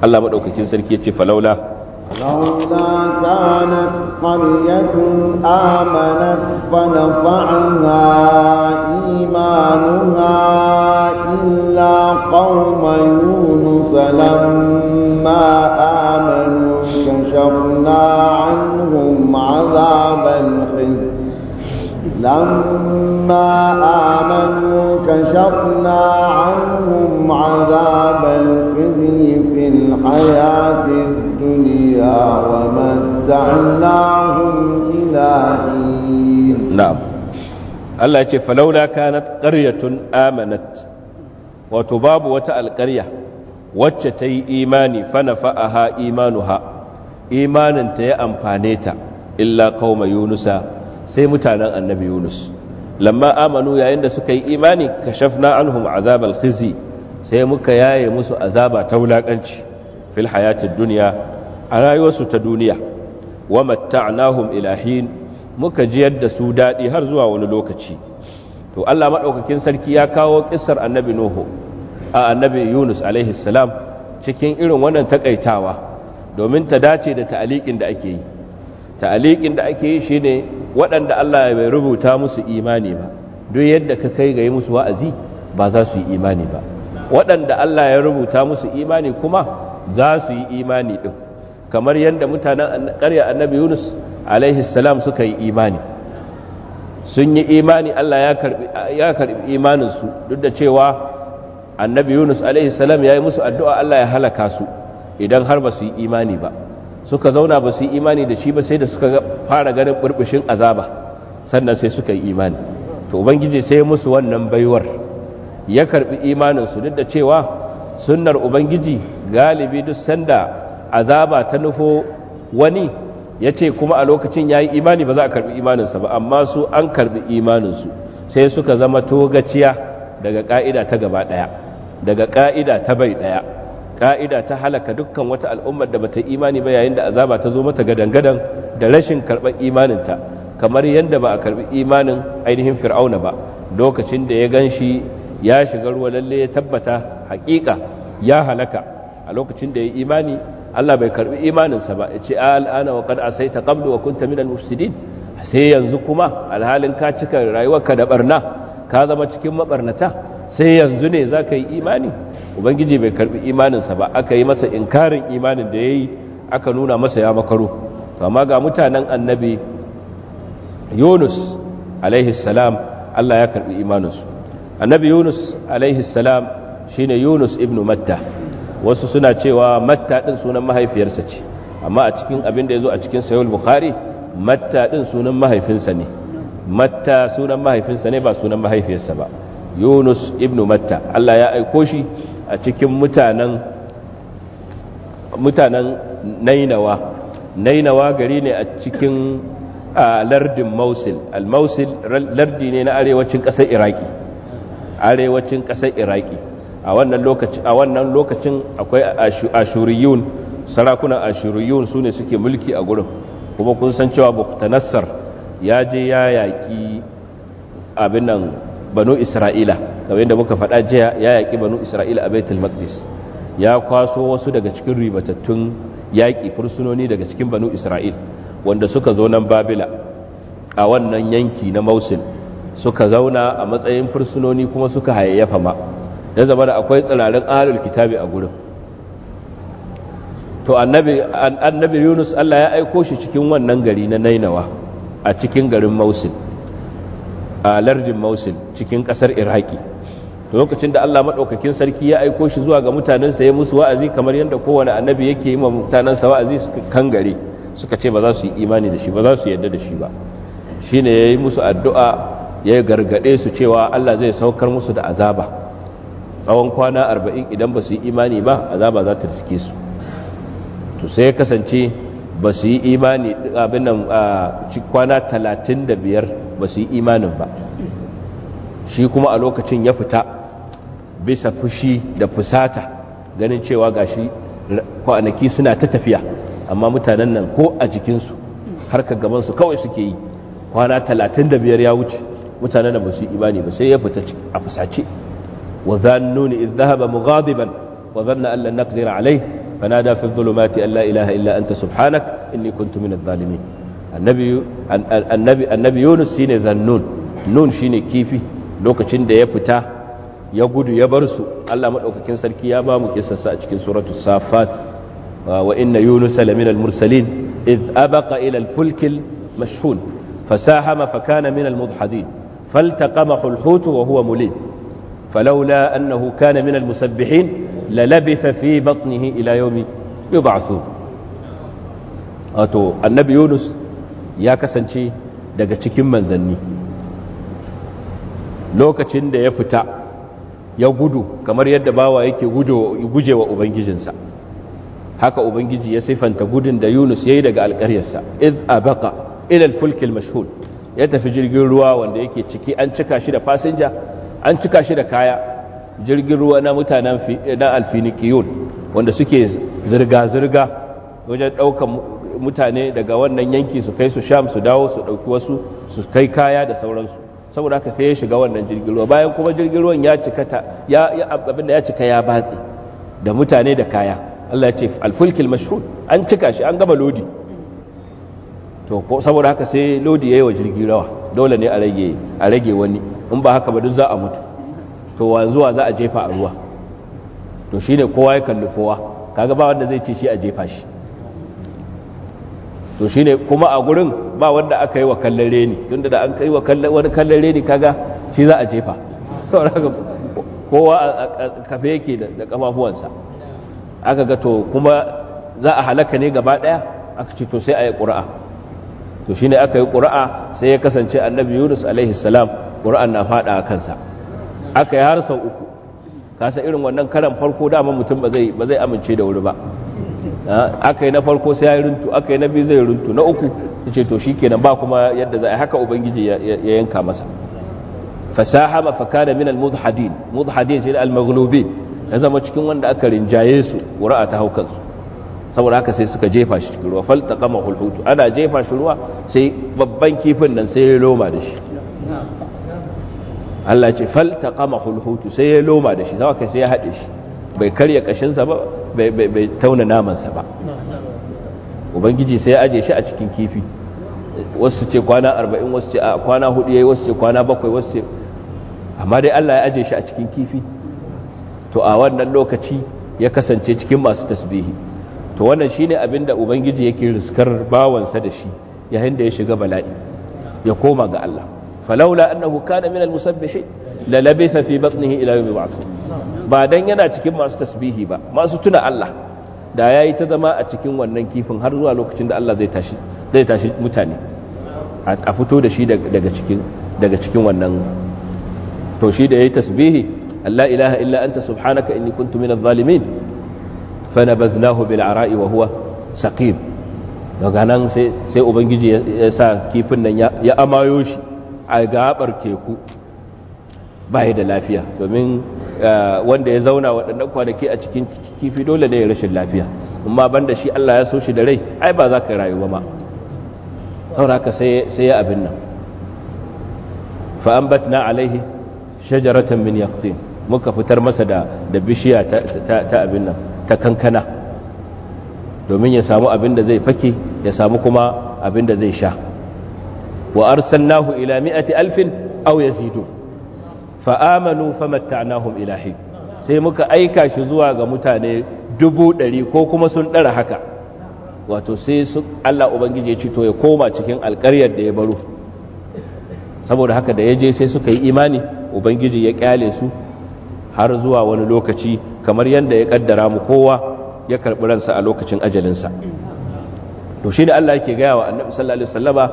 Allah maɗaukakin sarki ya ce falaula لولا كانت قرية آمنت فنفعها إيمانها إلا قوم يونس لما آمنوا كشفنا عنهم عذاب الخزي لما آمنوا كشفنا عنهم عذاب الخزي في الحياة الدنيا الدنيا ومتعناهم إلى حين نعم Allah ce falaula kanat qaryatun amanat wato babu wata alƙarya wacce ta yi imani fanafa'aha imanuha ta ya amfane ta illa qauma yunusa sai mutanen annabi yunus lamma amanu yayin da suka yi imani kashafna anhum azabal khizi sai muka yaye musu azaba ta wulaƙanci. fil hayatid dunya a rayuwarsu ta duniya wa matta'nahum ilahin muka ji yadda su dadi har zuwa wani lokaci to Allah madaukakin sarki ya kawo kissar annabi nuhu a annabi yunus alaihi salam cikin irin wannan takaitawa domin ta dace da ta'aliqin da ake yi ta'aliqin da ake yi shine waɗanda Allah ya bai rubuta musu imani ba duk yadda ka kai ga yi musu wa'azi ba za su yi imani ba waɗanda Allah ya rubuta musu imani kuma za su yi imani din kamar yadda mutanen ƙarya annabi yunus alaihi salam suka yi imani sun yi imani allah ya karɓi imaninsu duk da cewa annabi yunus alaihi salam ya yi musu addu'a allah ya halaka su idan har ba su yi imani ba suka zauna ba su yi imani da shi ba sai da suka fara ganin burbushin azaba sannan sai suka yi imani to ubangiji sai musu wannan baiwar ya karɓi imaninsu duk da cewa sunnar ubangiji galibi duk sanda azaba ta nufo wani ya ce kuma a lokacin ya yi imani ba za a karbi imaninsa ba amma su an karbi imaninsu sai suka zama togaciya daga ƙa'ida ta gaba ɗaya daga ƙa'ida ta bai ɗaya ƙa'ida ta halaka dukkan wata al'ummar da bata imani ba yayin da azaba ta zo mata gadangadan da rashin karɓar imaninta kamar yadda ba a karɓi imanin ainihin fir'auna ba lokacin da ya gan shi ya shiga ruwa lalle ya tabbata haƙiƙa ya halaka a lokacin da ya imani Allah bai karbi imaninsa ba ya ce al'ana wa qad asaita qablu wa kunta minal mufsidin sai yanzu kuma alhalin ka cika rayuwarka da barna ka zama cikin mabarnata sai yanzu ne zaka yi imani ubangiji bai karbi imaninsa ba aka yi masa inkarin imanin da yayi aka nuna masa ya makaro to amma ga mutanen annabi Yunus alaihi salam Allah ya karbi imaninsu annabi Yunus alaihi salam shine Yunus ibn Matta wasu suna cewa matta din sunan mahaifiyarsa ce amma a cikin abin da ya zo a cikin sayul bukhari matta din sunan mahaifinsa ne matta sunan mahaifinsa ne ba sunan mahaifiyarsa ba yunus ibnu matta allah ya aiko shi a cikin mutanen mutanen nainawa nainawa gari ne a cikin a lardin mausil al-mausil lardi ne na arewacin ƙasar iraki arewacin ƙasar iraki a wannan lokacin a wannan lokacin akwai ashuriyun sarakunan ashuriyun sune suke mulki a gurin kuma kun san cewa Buktanassar ya je ya yaki abin nan banu Isra'ila kamar yadda muka faɗa jiya ya yaki banu Isra'ila a Baitul Maqdis ya kwaso wasu daga cikin ribatattun yaƙi fursunoni daga cikin banu Isra'il wanda suka zo nan Babila a wannan yanki na mausul suka zauna a matsayin fursunoni kuma suka hayayyafa ma ya zama da akwai tsirarin alul kitabi a gurin to annabi yunus allah ya aiko shi cikin wannan gari na nainawa a cikin garin Mausin, a lardin Mausin cikin kasar iraki To lokacin da allah maɗaukakin sarki ya aiko shi zuwa ga mutanensa ya musu wa'azi kamar yadda kowane annabi yake yi ma mutanensa wa'azi kan kangare suka ce ba za su yi imani da shi ba za su yadda da shi ba shine ya yi musu addu'a ya gargaɗe su cewa allah zai saukar musu da azaba tsawon kwana arba'in idan ba su yi imani ba azaba za ta riske su to sai ya kasance ba su yi imani abin nan a kwana talatin da biyar ba su yi imanin ba shi kuma a lokacin ya fita bisa fushi da fusata ganin cewa gashi kwanaki suna ta tafiya amma mutanen nan ko a jikinsu harkar gabansu kawai suke yi kwana talatin da biyar ya wuce mutanen da ba su yi imani ba sai ya fita a fusace وذان نون إذ ذهب مغاضبا وظن أن لن نقدر عليه فنادى في الظلمات أن لا إله إلا أنت سبحانك إني كنت من الظالمين النبي النبي النبي يونس شين ذا النون نون شين كيفي لوك شين دي يفتا يقود يبرسو الله مدعوك كن سلكي يا بامو كن سورة الصافات وإن يونس لمن المرسلين إذ أبق إلى الفلك المشحون فساهم فكان من المضحدين فالتقمح الحوت وهو مليم فلولا أنه كان من المسبحين للبث في بطنه إلى يوم يبعثون أتو النبي يونس يا كسنشي daga cikin manzanni lokacin da ya fita ya gudu kamar yadda bawa yake guje wa ubangijinsa haka ubangiji ya sifanta gudun da yunus ya yi daga alkaryarsa iz abaka ilal fulkil mashhud ya tafi jirgin ruwa wanda yake ciki an cika shi da fasinja an cika shi da kaya jirgin ruwa na mutanen na alfinikiyun wanda suke zirga-zirga wajen ɗaukan mutane daga wannan yanki su kai su sham su dawo su ɗauki wasu su kai kaya da sauransu saboda haka sai ya shiga wannan jirgin ruwa bayan kuma jirgin ruwan ya cika ta ya abin da ya cika ya batsi da mutane da kaya Allah ya ce alfulkil mashhur an cika shi an gama lodi to saboda haka sai lodi yayi wa jirgin rawa dole ne a rage a rage wani in ba haka ba duk za a mutu to wa zuwa za a jefa a ruwa to shine kowa ya kalli kowa kaga ba wanda zai ce shi a jefa shi to shine kuma a gurin ba wanda aka yi wa kallon reni tunda da an kai wa kallon reni kaga shi za a jefa kowa a kafe yake da kafafuwansa aka ga to kuma za a halaka ne gaba daya aka ce to sai a yi ƙura'a to shine aka yi ƙura'a sai ya kasance annabi yunus alaihi salam ƙura'an na faɗa a kansa aka yi har sau uku kasa irin wannan karan farko dama mutum ba zai amince da wuri ba aka yi na farko sai ya yi runtu aka yi na biyu zai runtu na uku ta ce to shi kenan ba kuma yadda za a haka ubangiji ya yanka masa fasaha mafaka da minal muzhadin muzhadin shi da almaglubin ya zama cikin wanda aka rinjaye su a ta haukansu saboda haka sai suka jefa shi cikin ruwa falta kama hulhutu ana jefa shi ruwa sai babban kifin nan sai ya loma da shi Allah ce kama hulhutu sai ya loma da shi sama kai sai ya haɗe shi bai karya ƙashinsa ba bai tauna namansa ba ubangiji sai ya aje shi a cikin kifi wasu ce kwana arba'in wasu ce a kwana hudu ya yi wasu ce kwana bakwai wasu ce amma dai Allah ya aje shi a cikin kifi to a wannan lokaci ya kasance cikin masu tasbihi to wannan ne abin da ubangiji yake riskar bawansa da shi yayin da ya shiga bala'i ya koma ga Allah falaula annahu kana min almusabbihin la labitha fi batnihi ila yawm yub'ath ba dan yana cikin masu tasbihi ba masu tuna Allah da yayi ta zama a cikin wannan kifin har zuwa lokacin da Allah zai tashi zai tashi mutane a fito da shi daga cikin daga cikin wannan to shi da yayi tasbihi allah ilaha illa anta subhanaka inni kuntu minadh zalimin fanabadhnahu bil ara'i wa huwa saqim daga nan sai ubangiji ya sa kifin nan ya amayo shi a gabar teku baya da lafiya domin eh, wanda ya zauna waɗannan kwanaki a cikin kifi dole ne ya rashin lafiya amma banda shi Allah ya so shi da rai ai ba za ka rayu ba sauraka sai ya abin nan fa'ambatna alaihi shajaratan min yaktin muka fitar masa da da bishiya ta abin nan ta kankana domin ya samu abin da zai fake ya samu kuma abin da zai sha wa arsalnahu ila mi'ati alfin aw yazidu fa amanu famatta'nahum ila sai muka aika shi zuwa ga mutane dubu ɗari ko kuma sun ɗara haka wato sai su Allah ubangiji ya cito ya koma cikin alƙaryar da ya baro saboda haka da ya je sai suka yi imani ubangiji ya ƙyale su har zuwa wani lokaci kamar yadda ya ƙaddara mu kowa ya karɓi ransa a lokacin ajalinsa to shi ne Allah yake gaya wa annabi sallallahu alaihi wasallama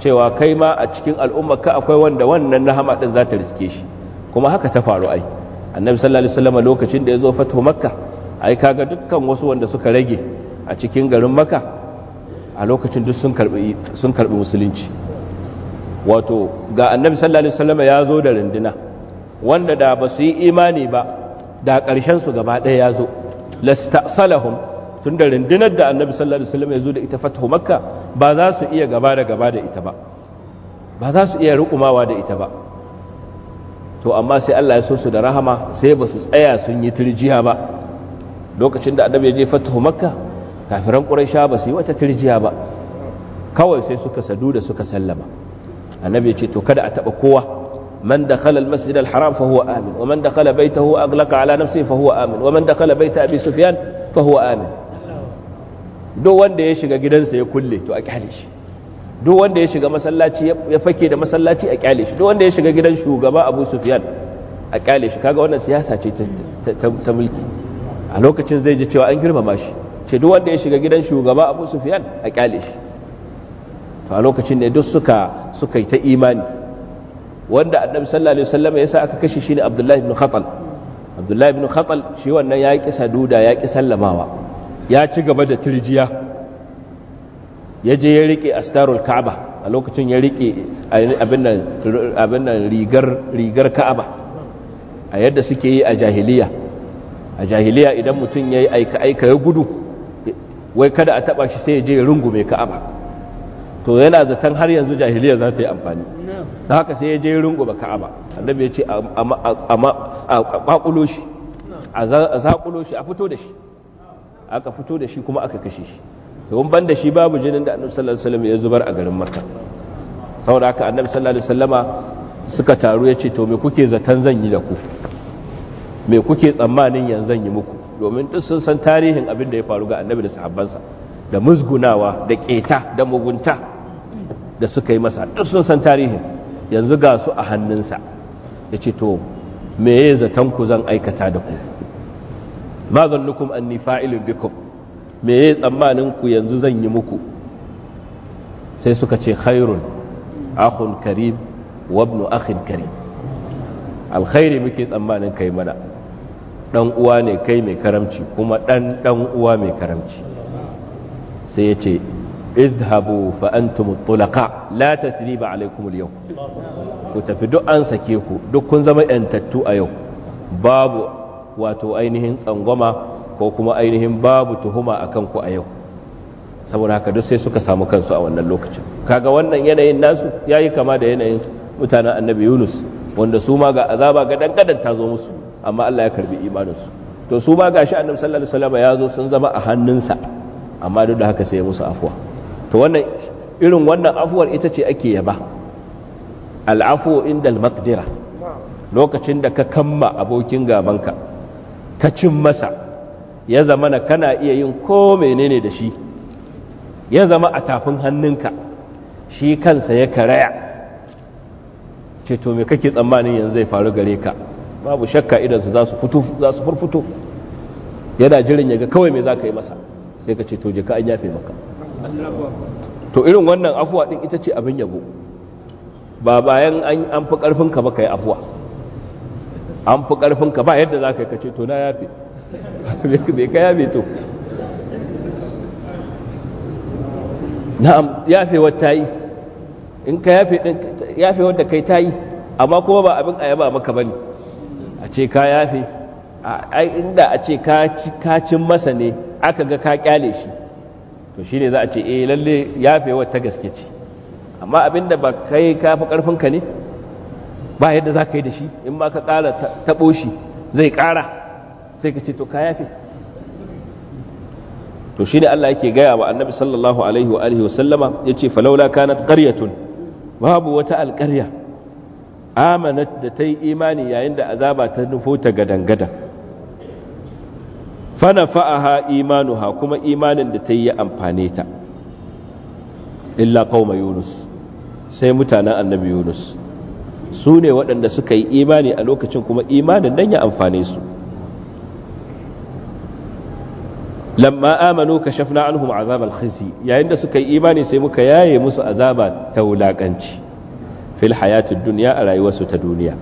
cewa kai ma a cikin al'ummarka akwai wanda wannan nahama din za ta riske shi kuma haka ta faru ai annabi sallallahu alaihi wasallam lokacin da ya zo fatu makka ai kaga dukkan wasu wanda suka rage a cikin garin makka a lokacin duk sun karbi sun karbi musulunci wato ga annabi sallallahu alaihi wasallam ya zo da runduna wanda da ba su yi imani ba da ƙarshen su gaba ɗaya ya zo lastasalahum tun da rundunar da annabi sallallahu alaihi wasallam ya zo da ita fathu makka ba za su iya gaba da gaba da ita ba ba za su iya rukumawa da ita ba to amma sai Allah ya so su da rahama sai ba su tsaya sun yi turjiya ba lokacin da annabi ya je fathu makka kafiran quraisha ba su yi wata turjiya ba kawai sai suka sadu da suka sallama annabi ya ce to kada a taba kowa man dakhala al-masjid al-haram fa huwa amin wa man dakhala baytahu aghlaqa ala nafsihi fa huwa amin wa man dakhala bayta abi sufyan fa huwa amin duk wanda ya shiga gidansa ya kulle to a kyale shi duk wanda ya shiga masallaci ya fake da masallaci a kyale shi duk wanda ya shiga gidan shugaba Abu Sufyan a kyale shi kaga wannan siyasa ce ta mulki a lokacin zai ji cewa an girmama shi ce duk wanda ya shiga gidan shugaba Abu Sufyan a kyale shi to a lokacin ne duk suka suka yi ta imani wanda Annabi sallallahu alaihi wasallam ya sa aka kashe shi ne Abdullah ibn Khatal Abdullah ibn Khatal shi wannan ya ki saduda ya ki sallamawa ya ci gaba da tirjiya ya je ya rike starul ka'aba a lokacin ya rike abinan rigar ka'aba a yadda suke yi a jahiliya a jahiliya idan mutum ya yi aika-aika ya gudu wai kada a taɓa shi sai ya je rungume ka'aba to yana zaton har yanzu jahiliya za ta yi amfani da haka sai ya je rungume ka'aba annabi ya ce a ƙwaƙulo a shi a fito da shi aka fito da shi kuma aka kashe shi domin ban da shi babu jinin da annabi sallallahu alaihi wasallam ya zubar a garin makka saboda haka annabi sallallahu alaihi wasallama suka taru yace ce to me kuke zaton zan yi da ku me kuke tsammanin yanzu zan yi muku domin duk sun san tarihin abin da ya faru ga annabi da sahabbansa da musgunawa da keta da mugunta da suka yi masa duk sun san tarihin yanzu ga su a hannunsa yace to me zaton ku zan aikata da ku ma zannukum anni fa'ilun bikum me yayi tsammanin ku yanzu zan yi muku sai suka ce khairun akhun karim wabnu ibnu akhin karim alkhairi muke tsammanin kai mana dan uwa ne kai mai karamci kuma dan dan uwa mai karamci sai yace izhabu fa antum tulaqa la tathriba alaykum al ku tafi duk an sake ku duk kun zama yantattu a yau babu wato ainihin tsangwama ko kuma ainihin babu tuhuma a kanku a yau saboda haka duk sai suka samu kansu a wannan lokacin kaga wannan yanayin nasu ya yi kama da yanayin mutanen annabi yunus wanda su ma ga azaba ga dangadan ta zo musu amma allah ya karbi imaninsu to su ma gashi annabi sallallahu alaihi wasallam ya zo sun zama a hannunsa amma duk da haka sai ya musu afuwa to wannan irin wannan afuwar ita ce ake yaba al'afu inda al-maqdira lokacin da ka kamma abokin gabanka ka cin masa ya zama na kana iya yin ko menene da shi ya zama a tafin hannunka shi kansa ya karaya ce to me kake tsammanin yanzu zai faru gare ka babu shakka idansu su za su furfuto yana jirin yaga kawai me za ka yi masa sai ka ce to an yafe maka to irin wannan afuwa din ita ce abin yabo ba bayan an fi ƙarfinka ba ka yi afuwa an fi ƙarfinka ba yadda za ka yi kace to na yafe [LAUGHS] bai ka yafe to na'am yafe wata yi in ka yafe wadda kai ta yi amma kuma ba abin a yaba maka bane a ce ka yafe inda a ce kacin masa ne aka ga ka kyale shi to shi ne za a ce eh lalle yafe wata gaske ce amma abinda ba kai ka fi ƙarfinka ne ba yadda za ka yi da shi in ma ka ƙara taɓo shi zai ƙara sai ka ce to ka yafe to shi ne Allah yake gaya wa annabi sallallahu alaihi wa alihi wasallama ya ce falaula kanat ƙaryatun babu wata alƙarya amanat da ta yi imani yayin da azaba ta nufo ta gadangada fana fa'aha imanuha kuma imanin da ta yi ya amfane ta illa qauma yunus sai mutanen annabi yunus su ne waɗanda suka yi imani a lokacin kuma imanin nan ya amfane su lamma amanu kashafna anhum azab al yayin da suka yi imani sai muka yaye musu azaba ta wulakanci fil hayatid dunya a rayuwarsu ta duniya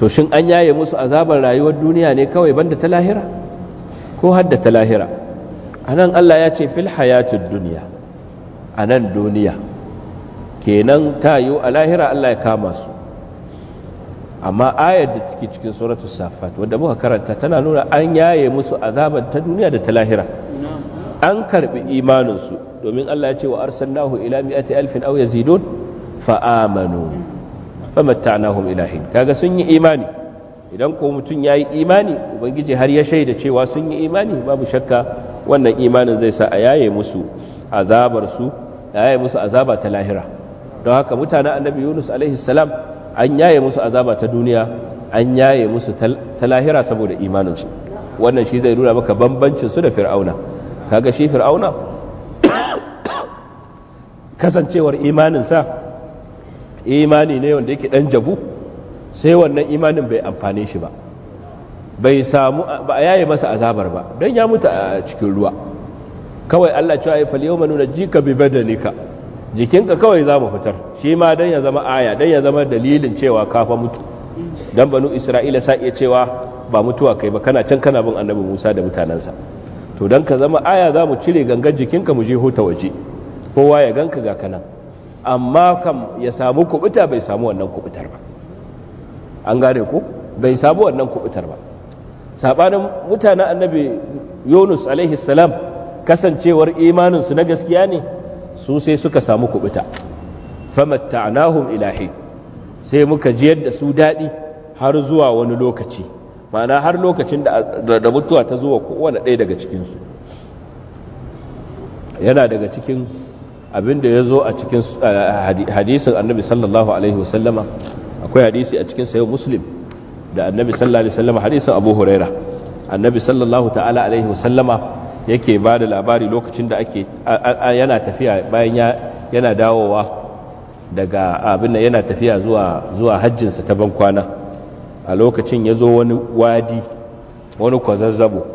to shin an yaye musu azabar rayuwar duniya ne kawai banda ta lahira ko hadda ta lahira anan Allah ya ce fil hayatid dunya anan duniya kenan ta tayo a lahira Allah ya kama su amma ayar da take cikin suratul safat wadda muka karanta tana nuna an yaye musu azabar ta duniya da ta lahira an karbi imanin su domin Allah ya ce wa arsalnahu ila mi'ati alfin aw yazidun fa amanu famatta'nahum ila kaga sun yi imani idan ko mutun yayi imani ubangiji har ya shaida cewa sun yi imani babu shakka wannan imanin zai sa a yaye musu azabar su yaye musu azaba ta lahira don haka mutanen annabi yunus alaihi salam an yaye musu azaba ta duniya an yaye musu ta lahira saboda imaninsu wannan shi zai nuna maka bambancin su da fir'auna kaga shi fir'auna [COUGHS] kasancewar imaninsa imani ne wanda yake dan jabu sai wannan imanin bai amfane shi ba bai samu ba yaye masa azabar ba don ya mutu a cikin ruwa kawai Allah cewa ya fal yawma nunajjika bi nika. jikinka kawai za mu fitar shi ma don ya zama aya dan ya zama dalilin cewa kafa mutu don banu isra'ila sa iya cewa ba mutuwa kai ba kana can kana bin annabi musa da mutanensa to don ka zama aya za mu cire gangar jikinka mu je huta waje kowa ya ganka ga kanan amma kam ya samu kubuta bai samu wannan kubutar ba an gane ku bai samu wannan kubutar ba sabanin mutanen annabi yunus alaihi salam kasancewar imaninsu na gaskiya ne su sai suka samu kubuta famatta'nahum ilahi sai muka jiyar da su dadi har zuwa wani lokaci ma'ana har lokacin da mutuwa ta zuwa kowane ɗaya daga cikin su yana daga cikin abinda ya zo a cikin hadisin annabi sallallahu alaihi wasallama akwai hadisi a cikin sayo muslim da annabi sallallahu alaihi wasallama hadisin abu huraira annabi sallallahu ta'ala alaihi wasallama yake ba da labari lokacin da ake yana tafiya bayan yana dawowa daga abin yana tafiya zuwa hajjinsa ta bankwana a lokacin ya zo wani wadi wani kwazazzabo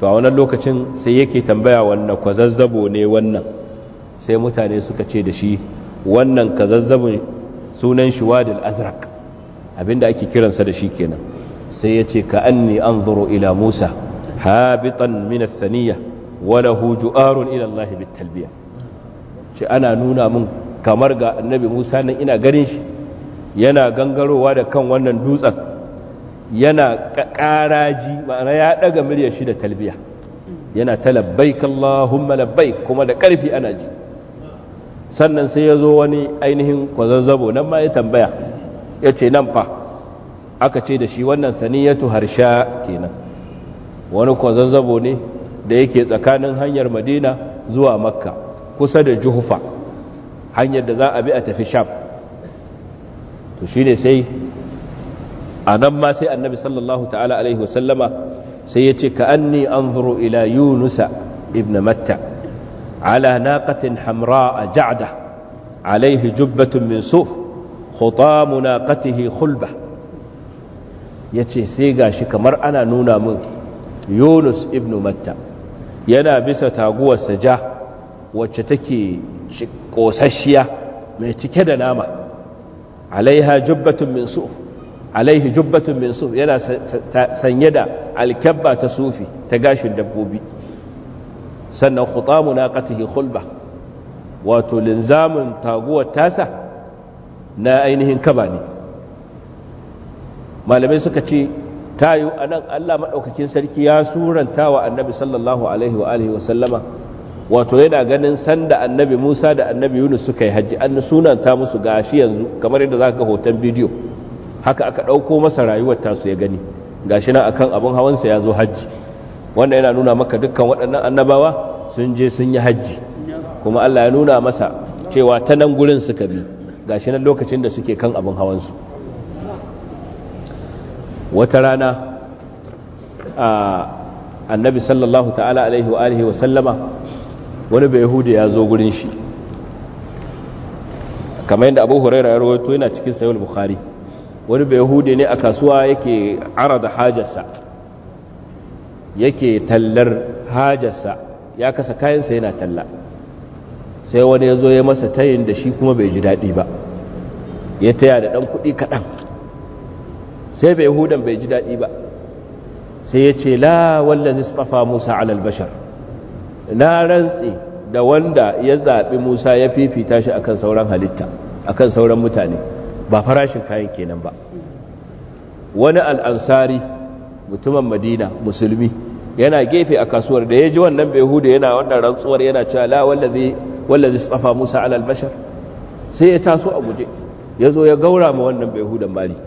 to a wannan lokacin sai yake tambaya wannan kwazazzabo ne wannan sai mutane suka ce da shi wannan kwazazzabon sunan shi wadil azraq abinda ake kiransa da shi kenan sai yace ka anni anzuru ila musa habitan min as-saniya wa lahu ju'arun ila Allah bit ce ana nuna mun kamar ga annabi Musa na ina ganin shi yana gangarowa da kan wannan dutsen yana ƙaraji ma'ana ya ɗaga miryar shida da yana ta labbaik Allahumma labbaik kuma da ƙarfi ana ji sannan sai ya zo wani ainihin kwazazzabo na ma ya tambaya ya ce nan fa aka ce da shi wannan saniyatu harsha kenan wani kwazazzabo ne da yake tsakanin hanyar madina zuwa makka kusa da juhufa hanyar da za a bi a tafi sham to shi ne sai a nan ma sai annabi sallallahu ta'ala alaihi wasallama sai ya ce ka'anni an zuru ila yunusa ibn matta ala naqatin hamra a ja'da alaihi jubbatun min suf khutamu naqatihi khulba ya ce sai gashi kamar ana nuna min yunus ibn matta yana bisa taguwarsa ja wacce take kosasshiya mai cike da nama alaiha jubbatun min su alaihi jubbatun min su yana sanye da alkabba ta sufi ta gashin dabbobi sannan khutamu katihi khulba wato linzamin taguwar tasa na ainihin kaba ne malamai suka ce ta yi a nan allah maɗaukakin sarki ya suranta wa annabi sallallahu alaihi wa sallama wato yana ganin sanda annabi musa da annabi yunus suka yi hajji an sunanta musu gashi yanzu kamar yadda za ka hoton bidiyo haka aka ɗauko masa rayuwar tasu ya gani gashi nan akan abin hawansa ya zo hajji wanda yana nuna maka dukkan waɗannan annabawa sun je sun yi hajji kuma allah ya nuna masa cewa ta nan gurin suka bi gashi nan lokacin da suke kan abin hawansu wata rana a annabi sallallahu ta'ala alaihi wa alihi wa sallama wani bai hudu ya zo gurin shi kamar yadda abu huraira ya rawaito yana cikin sayul bukhari wani bai yahudi ne a kasuwa yake arada hajarsa yake tallar hajarsa ya kasa kayansa yana talla sai wani ya zo ya masa tayin da shi kuma bai ji daɗi ba ya taya da ɗan kuɗi kaɗan sai bai hudan bai ji daɗi ba sai ya ce la wallazi tsafa musa alal bashar na rantse da wanda ya zaɓi musa ya fifita shi akan sauran halitta akan sauran mutane ba farashin kayan kenan ba wani al'ansari mutumin madina musulmi yana gefe a kasuwar da ya ji wannan bai hudu yana wannan rantsuwar yana cewa la wallazi tsafa musa alal bashar sai ya taso a guje ya zo ya gaura ma wannan bai hudan mali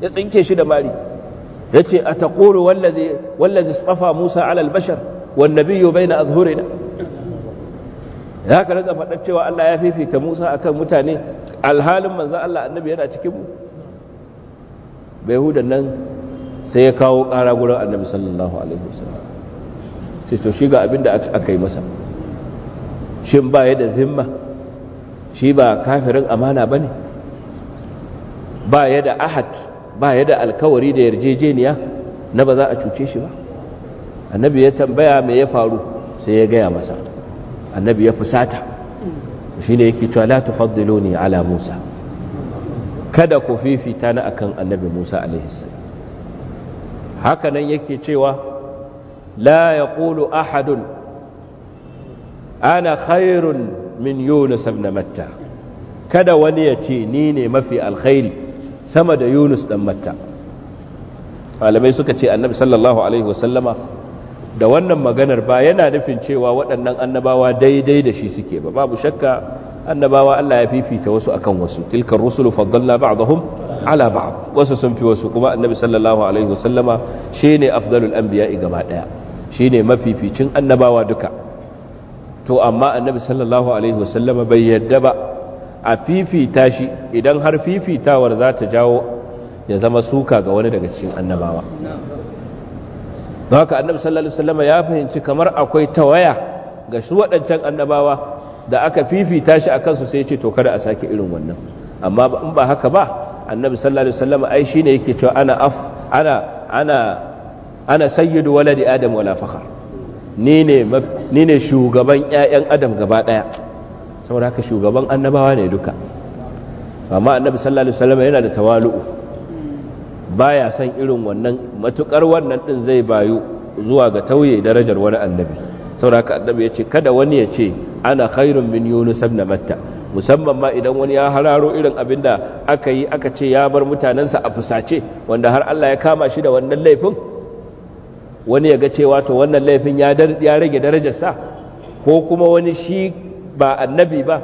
ya tsinke shi da mari ya ce a ta ƙoro wallazi tsafa musa alal bashar wanda biyu bai na azhurina ya ka rika faɗar cewa allah ya fifita musa akan mutane alhalin manzan allah annabi yana cikinmu bai hudan nan sai ya kawo ƙara gurin annabi sallallahu alaihi wasallam sai to shi ga abin da aka yi masa shin ba ya da zimma shi ba kafirin amana ba ne ba ya da ahad ba ya da alkawari da yarjejeniya na ba za a cuce shi ba annabi ya tambaya me ya faru sai ya gaya masa annabi ya fusata shi ne yake cewa la tufaddiluni ala musa kada ku fifita na akan annabi musa alaihi salam haka nan yake cewa la yaqulu ahadun ana khairun min yunus ibn matta kada wani ya ce ni ne mafi alkhairi sama da yunus dan matta malamai suka ce annabi sallallahu alaihi wasallama da wannan maganar ba yana nufin cewa waɗannan annabawa daidai da shi suke ba babu shakka annabawa Allah ya fifita wasu akan wasu tilkar rusulu faddalla ba'dahum ala ba'd wasu sun fi wasu kuma annabi sallallahu alaihi wasallama shine afdalul anbiya'i gaba daya shine mafificin annabawa duka to amma annabi sallallahu alaihi wasallama bai yadda ba a fifita shi idan har fifitawar za ta jawo ya zama suka ga wani daga cikin annabawa Ba ka annabi sallallahu alaihi wasallam ya fahimci kamar akwai tawaya ga shi waɗancan annabawa da aka fifita shi a su sai ce to kada a sake irin wannan amma in ba haka ba annabi sallallahu alaihi wasallam ai shine yake cewa ana af ana ana ana sayyidu waladi adam wala fakhar ni ne ni ne shugaban ƴaƴan adam gaba daya saboda haka shugaban annabawa ne duka amma annabi sallallahu alaihi wasallam yana da tawalu'u baya san irin wannan matukar wannan din zai bayu zuwa ga tauye darajar wani annabi saboda haka annabi ya ce kada wani ya ce ana khairun min yunus ibn matta musamman ma idan wani ya hararo irin abin da aka yi aka ce ya bar mutanensa a fusace wanda har Allah ya kama shi da wannan laifin wani ya ga cewa to wannan laifin ya rage darajarsa ko kuma wani shi ba annabi ba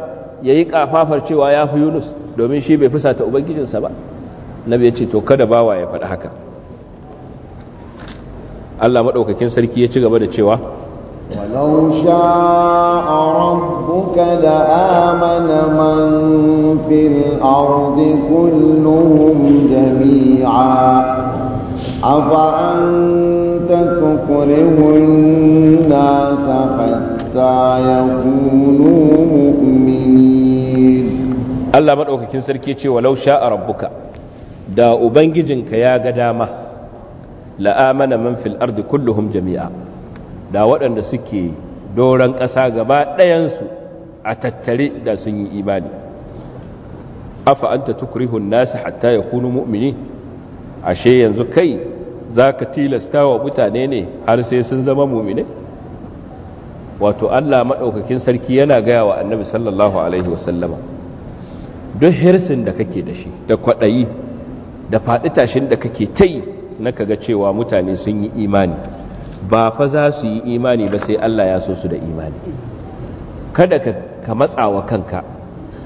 ya yi kafafar cewa ya fi yunus domin shi bai fusata ubangijinsa ba nabi ya ce to kada bawa ya faɗi haka allah maɗaukakin sarki ya ci gaba da cewa a ولو شاء ربك لآمن من في a كلهم جميعا أفأنت تكره الناس حتى يقوم Allah maɗaukakin sarki ce walau a rabbuka da ubangijinka ya ga dama la'amana man fil ardi kulluhum jami'a da waɗanda suke doron ƙasa gaba ɗayansu a tattare da sun yi imani afa anta tukrihun nasu hatta ya kunu mu'mini ashe yanzu kai za ka tilasta wa mutane ne har sai sun zama mu'mini wato allah maɗaukakin sarki yana gaya wa annabi sallallahu alaihi wasallama duk hirsin da kake da shi da kwaɗayi da faɗi tashin da kake ta yi na kaga cewa mutane sun yi imani ba fa za su yi imani ba sai Allah ya so su da imani kada ka matsawa kanka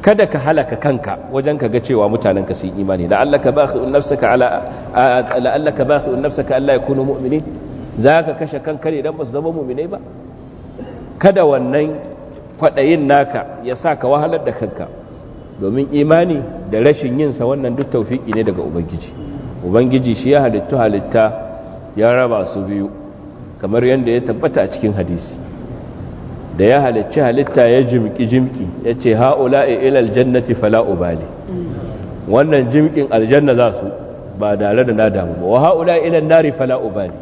kada ka halaka kanka wajen ka ga cewa mutanen ka sun imani la'allaka ba'khun nafsaka ala ka ba'khun nafsaka alla mu'mini Za ka kashe kanka ne dan ba su zama mu'minai ba kada wannan kwaɗayin naka ya sa ka wahalar da kanka domin imani da rashin yinsa wannan duk taufiki ne daga ubangiji ubangiji shi ya halittu halitta ya raba su biyu kamar yadda ya tabbata a cikin hadisi da ya halicci halitta ya jimki jimki ya ce ha'ula ila fala ubali wannan jimkin aljanna za su ba dare da na damu ba wa ha'ula ila nari fala ubali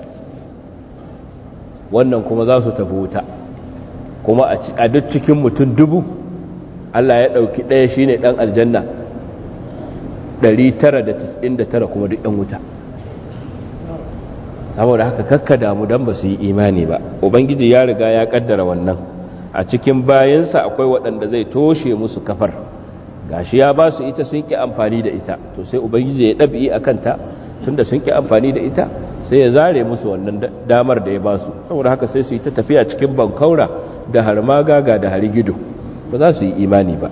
wannan kuma za su tafi wuta kuma a duk cikin mutum dubu Allah ya ɗauki ɗaya shi ne ɗan aljanna 999 kuma duk ɗan wuta saboda haka kakka damu don ba su yi imani ba ubangiji ya riga ya ƙaddara wannan a cikin bayansa akwai waɗanda zai toshe musu kafar gashi ya ba su ita sun ƙi amfani da ita to sai ubangiji ya ɗabi'i a kanta tun da sun ƙi amfani da ita sai ya zare musu wannan damar da ya ba su saboda haka sai su yi ta tafiya cikin bankaura da magaga da harigido ba za su yi imani ba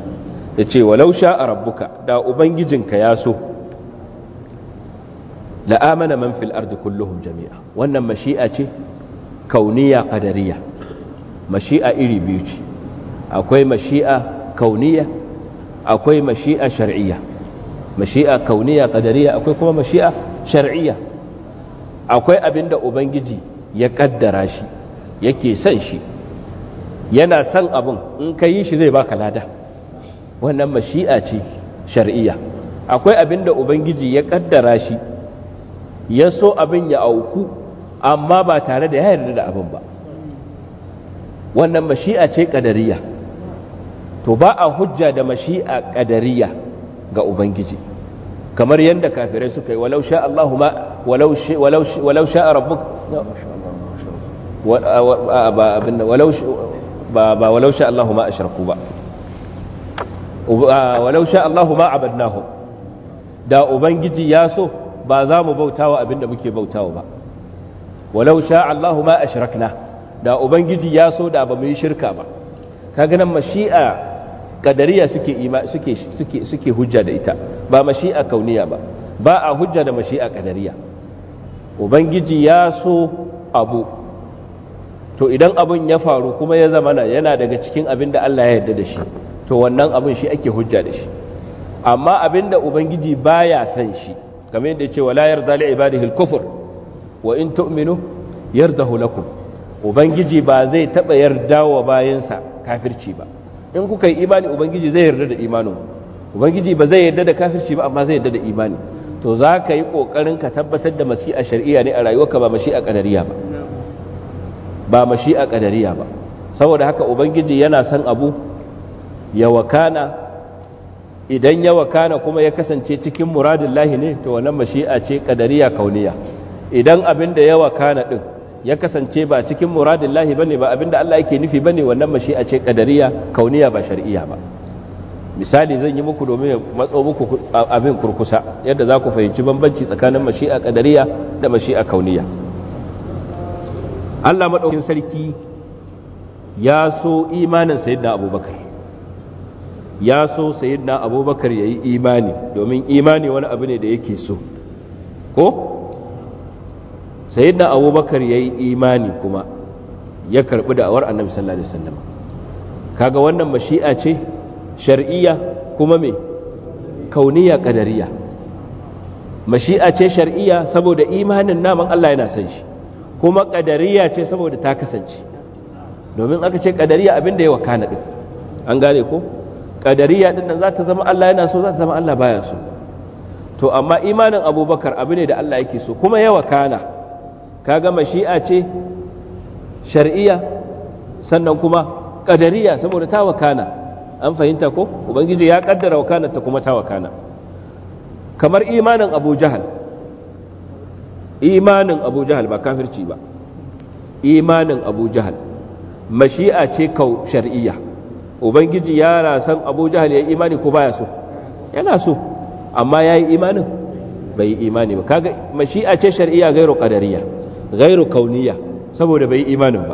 ya ce walau sha a rabbuka da ubangijinka ya so la'amana man fil ardi kulluhum jami'a wannan mashi'a ce kauniya qadariya mashi'a iri biyu ce akwai mashi'a kauniya akwai mashi'a shar'iyya mashi'a kauniya qadariya akwai kuma mashi'a shar'iyya akwai abinda ubangiji ya kaddara shi yake son shi yana son abin in ka yi shi zai baka lada wannan mashi'a ce shar'iyya akwai abin da ubangiji ya kaddara shi ya so abin ya auku amma ba tare da ya yarda da abin ba wannan mashi'a ce kadariya to ba a hujja da mashi'a kadariya ga ubangiji kamar yadda kafirai suka yi walau sha Allahu ma walau walau sha walau ba ba walau sha Allahu ma ashraku ba walau sha Allahu ma abadnahu da ubangiji ya so ba za mu wa abinda muke bautawa ba walau sha Allahu ma na da ubangiji ya so da ba mu yi shirka ba kaganan nan mashi'a kadariya suke hujja da ita ba mashi'a kauniya ba ba a hujja da mashi'a kadariya ubangiji ya so abu to idan abin ya faru kuma ya zama na yana daga cikin abin da Allah ya yarda da shi to wannan abin shi ake hujja da shi amma abin da ubangiji baya san shi kamar yadda ce wala yarda li ibadihi al-kufr wa in tu'minu yardahu lakum ubangiji ba zai taba yarda wa bayansa kafirci ba in kuka yi imani ubangiji zai yarda da imanin ubangiji ba zai yarda da kafirci ba amma zai yarda da imani to za ka yi kokarin ka tabbatar da masi'a shari'a ne a rayuwarka ba a ƙanariya ba ba mashi'a ƙadariya ba saboda haka ubangiji yana son abu ya wakana idan ya wakana kuma ya kasance cikin muradin lahi ne to wannan mashi'a ce ƙadariya kauniya idan abin da ya wakana ɗin ya kasance ba cikin muradin lahi ba ne ba abin da Allah yake nufi ba ne wannan mashi'a ce ƙadariya kauniya ba shari'iya ba misali zan yi muku domin matso muku abin kurkusa yadda za ku fahimci bambanci tsakanin mashi'a ƙadariya da mashi'a kauniya Allah maɗaukin sarki ya so imanin sayyidina abubakar ya so sayyidina abubakar ya yi imani domin imani wani abu ne da yake so ko sayyidina abubakar ya yi imani kuma ya karɓi da'awar annabi sallallahu alaihi wasallam kaga wannan mashi'a ce shar'iyya kuma me kauniya kadariya mashi'a ce shar'iyya saboda imanin naman Allah yana son shi kuma kadariya ce saboda ta kasance domin aka ce kadariya abin da ya wakana din an gane ko kadariya ɗin nan za ta zama Allah yana so za ta zama Allah baya so to amma imanin abubakar abu ne da Allah yake so kuma ya ka gama shi'a ce shari'iya sannan kuma kadariya saboda ta wakana an fahimta ko ubangiji ya kaddara wakana kuma ta wakana kamar imanin abu jahal imanin abu jahal ba kafirci ba imanin abu jahal mashi'a ce kau shar'iyya ubangiji yana rasan abu jahal ya yi imani ko baya so yana so amma ya yi imanin bai yi imani ba kaga mashi'a ce shar'iyya gairu kadariya gairu kauniya saboda bai yi imanin ba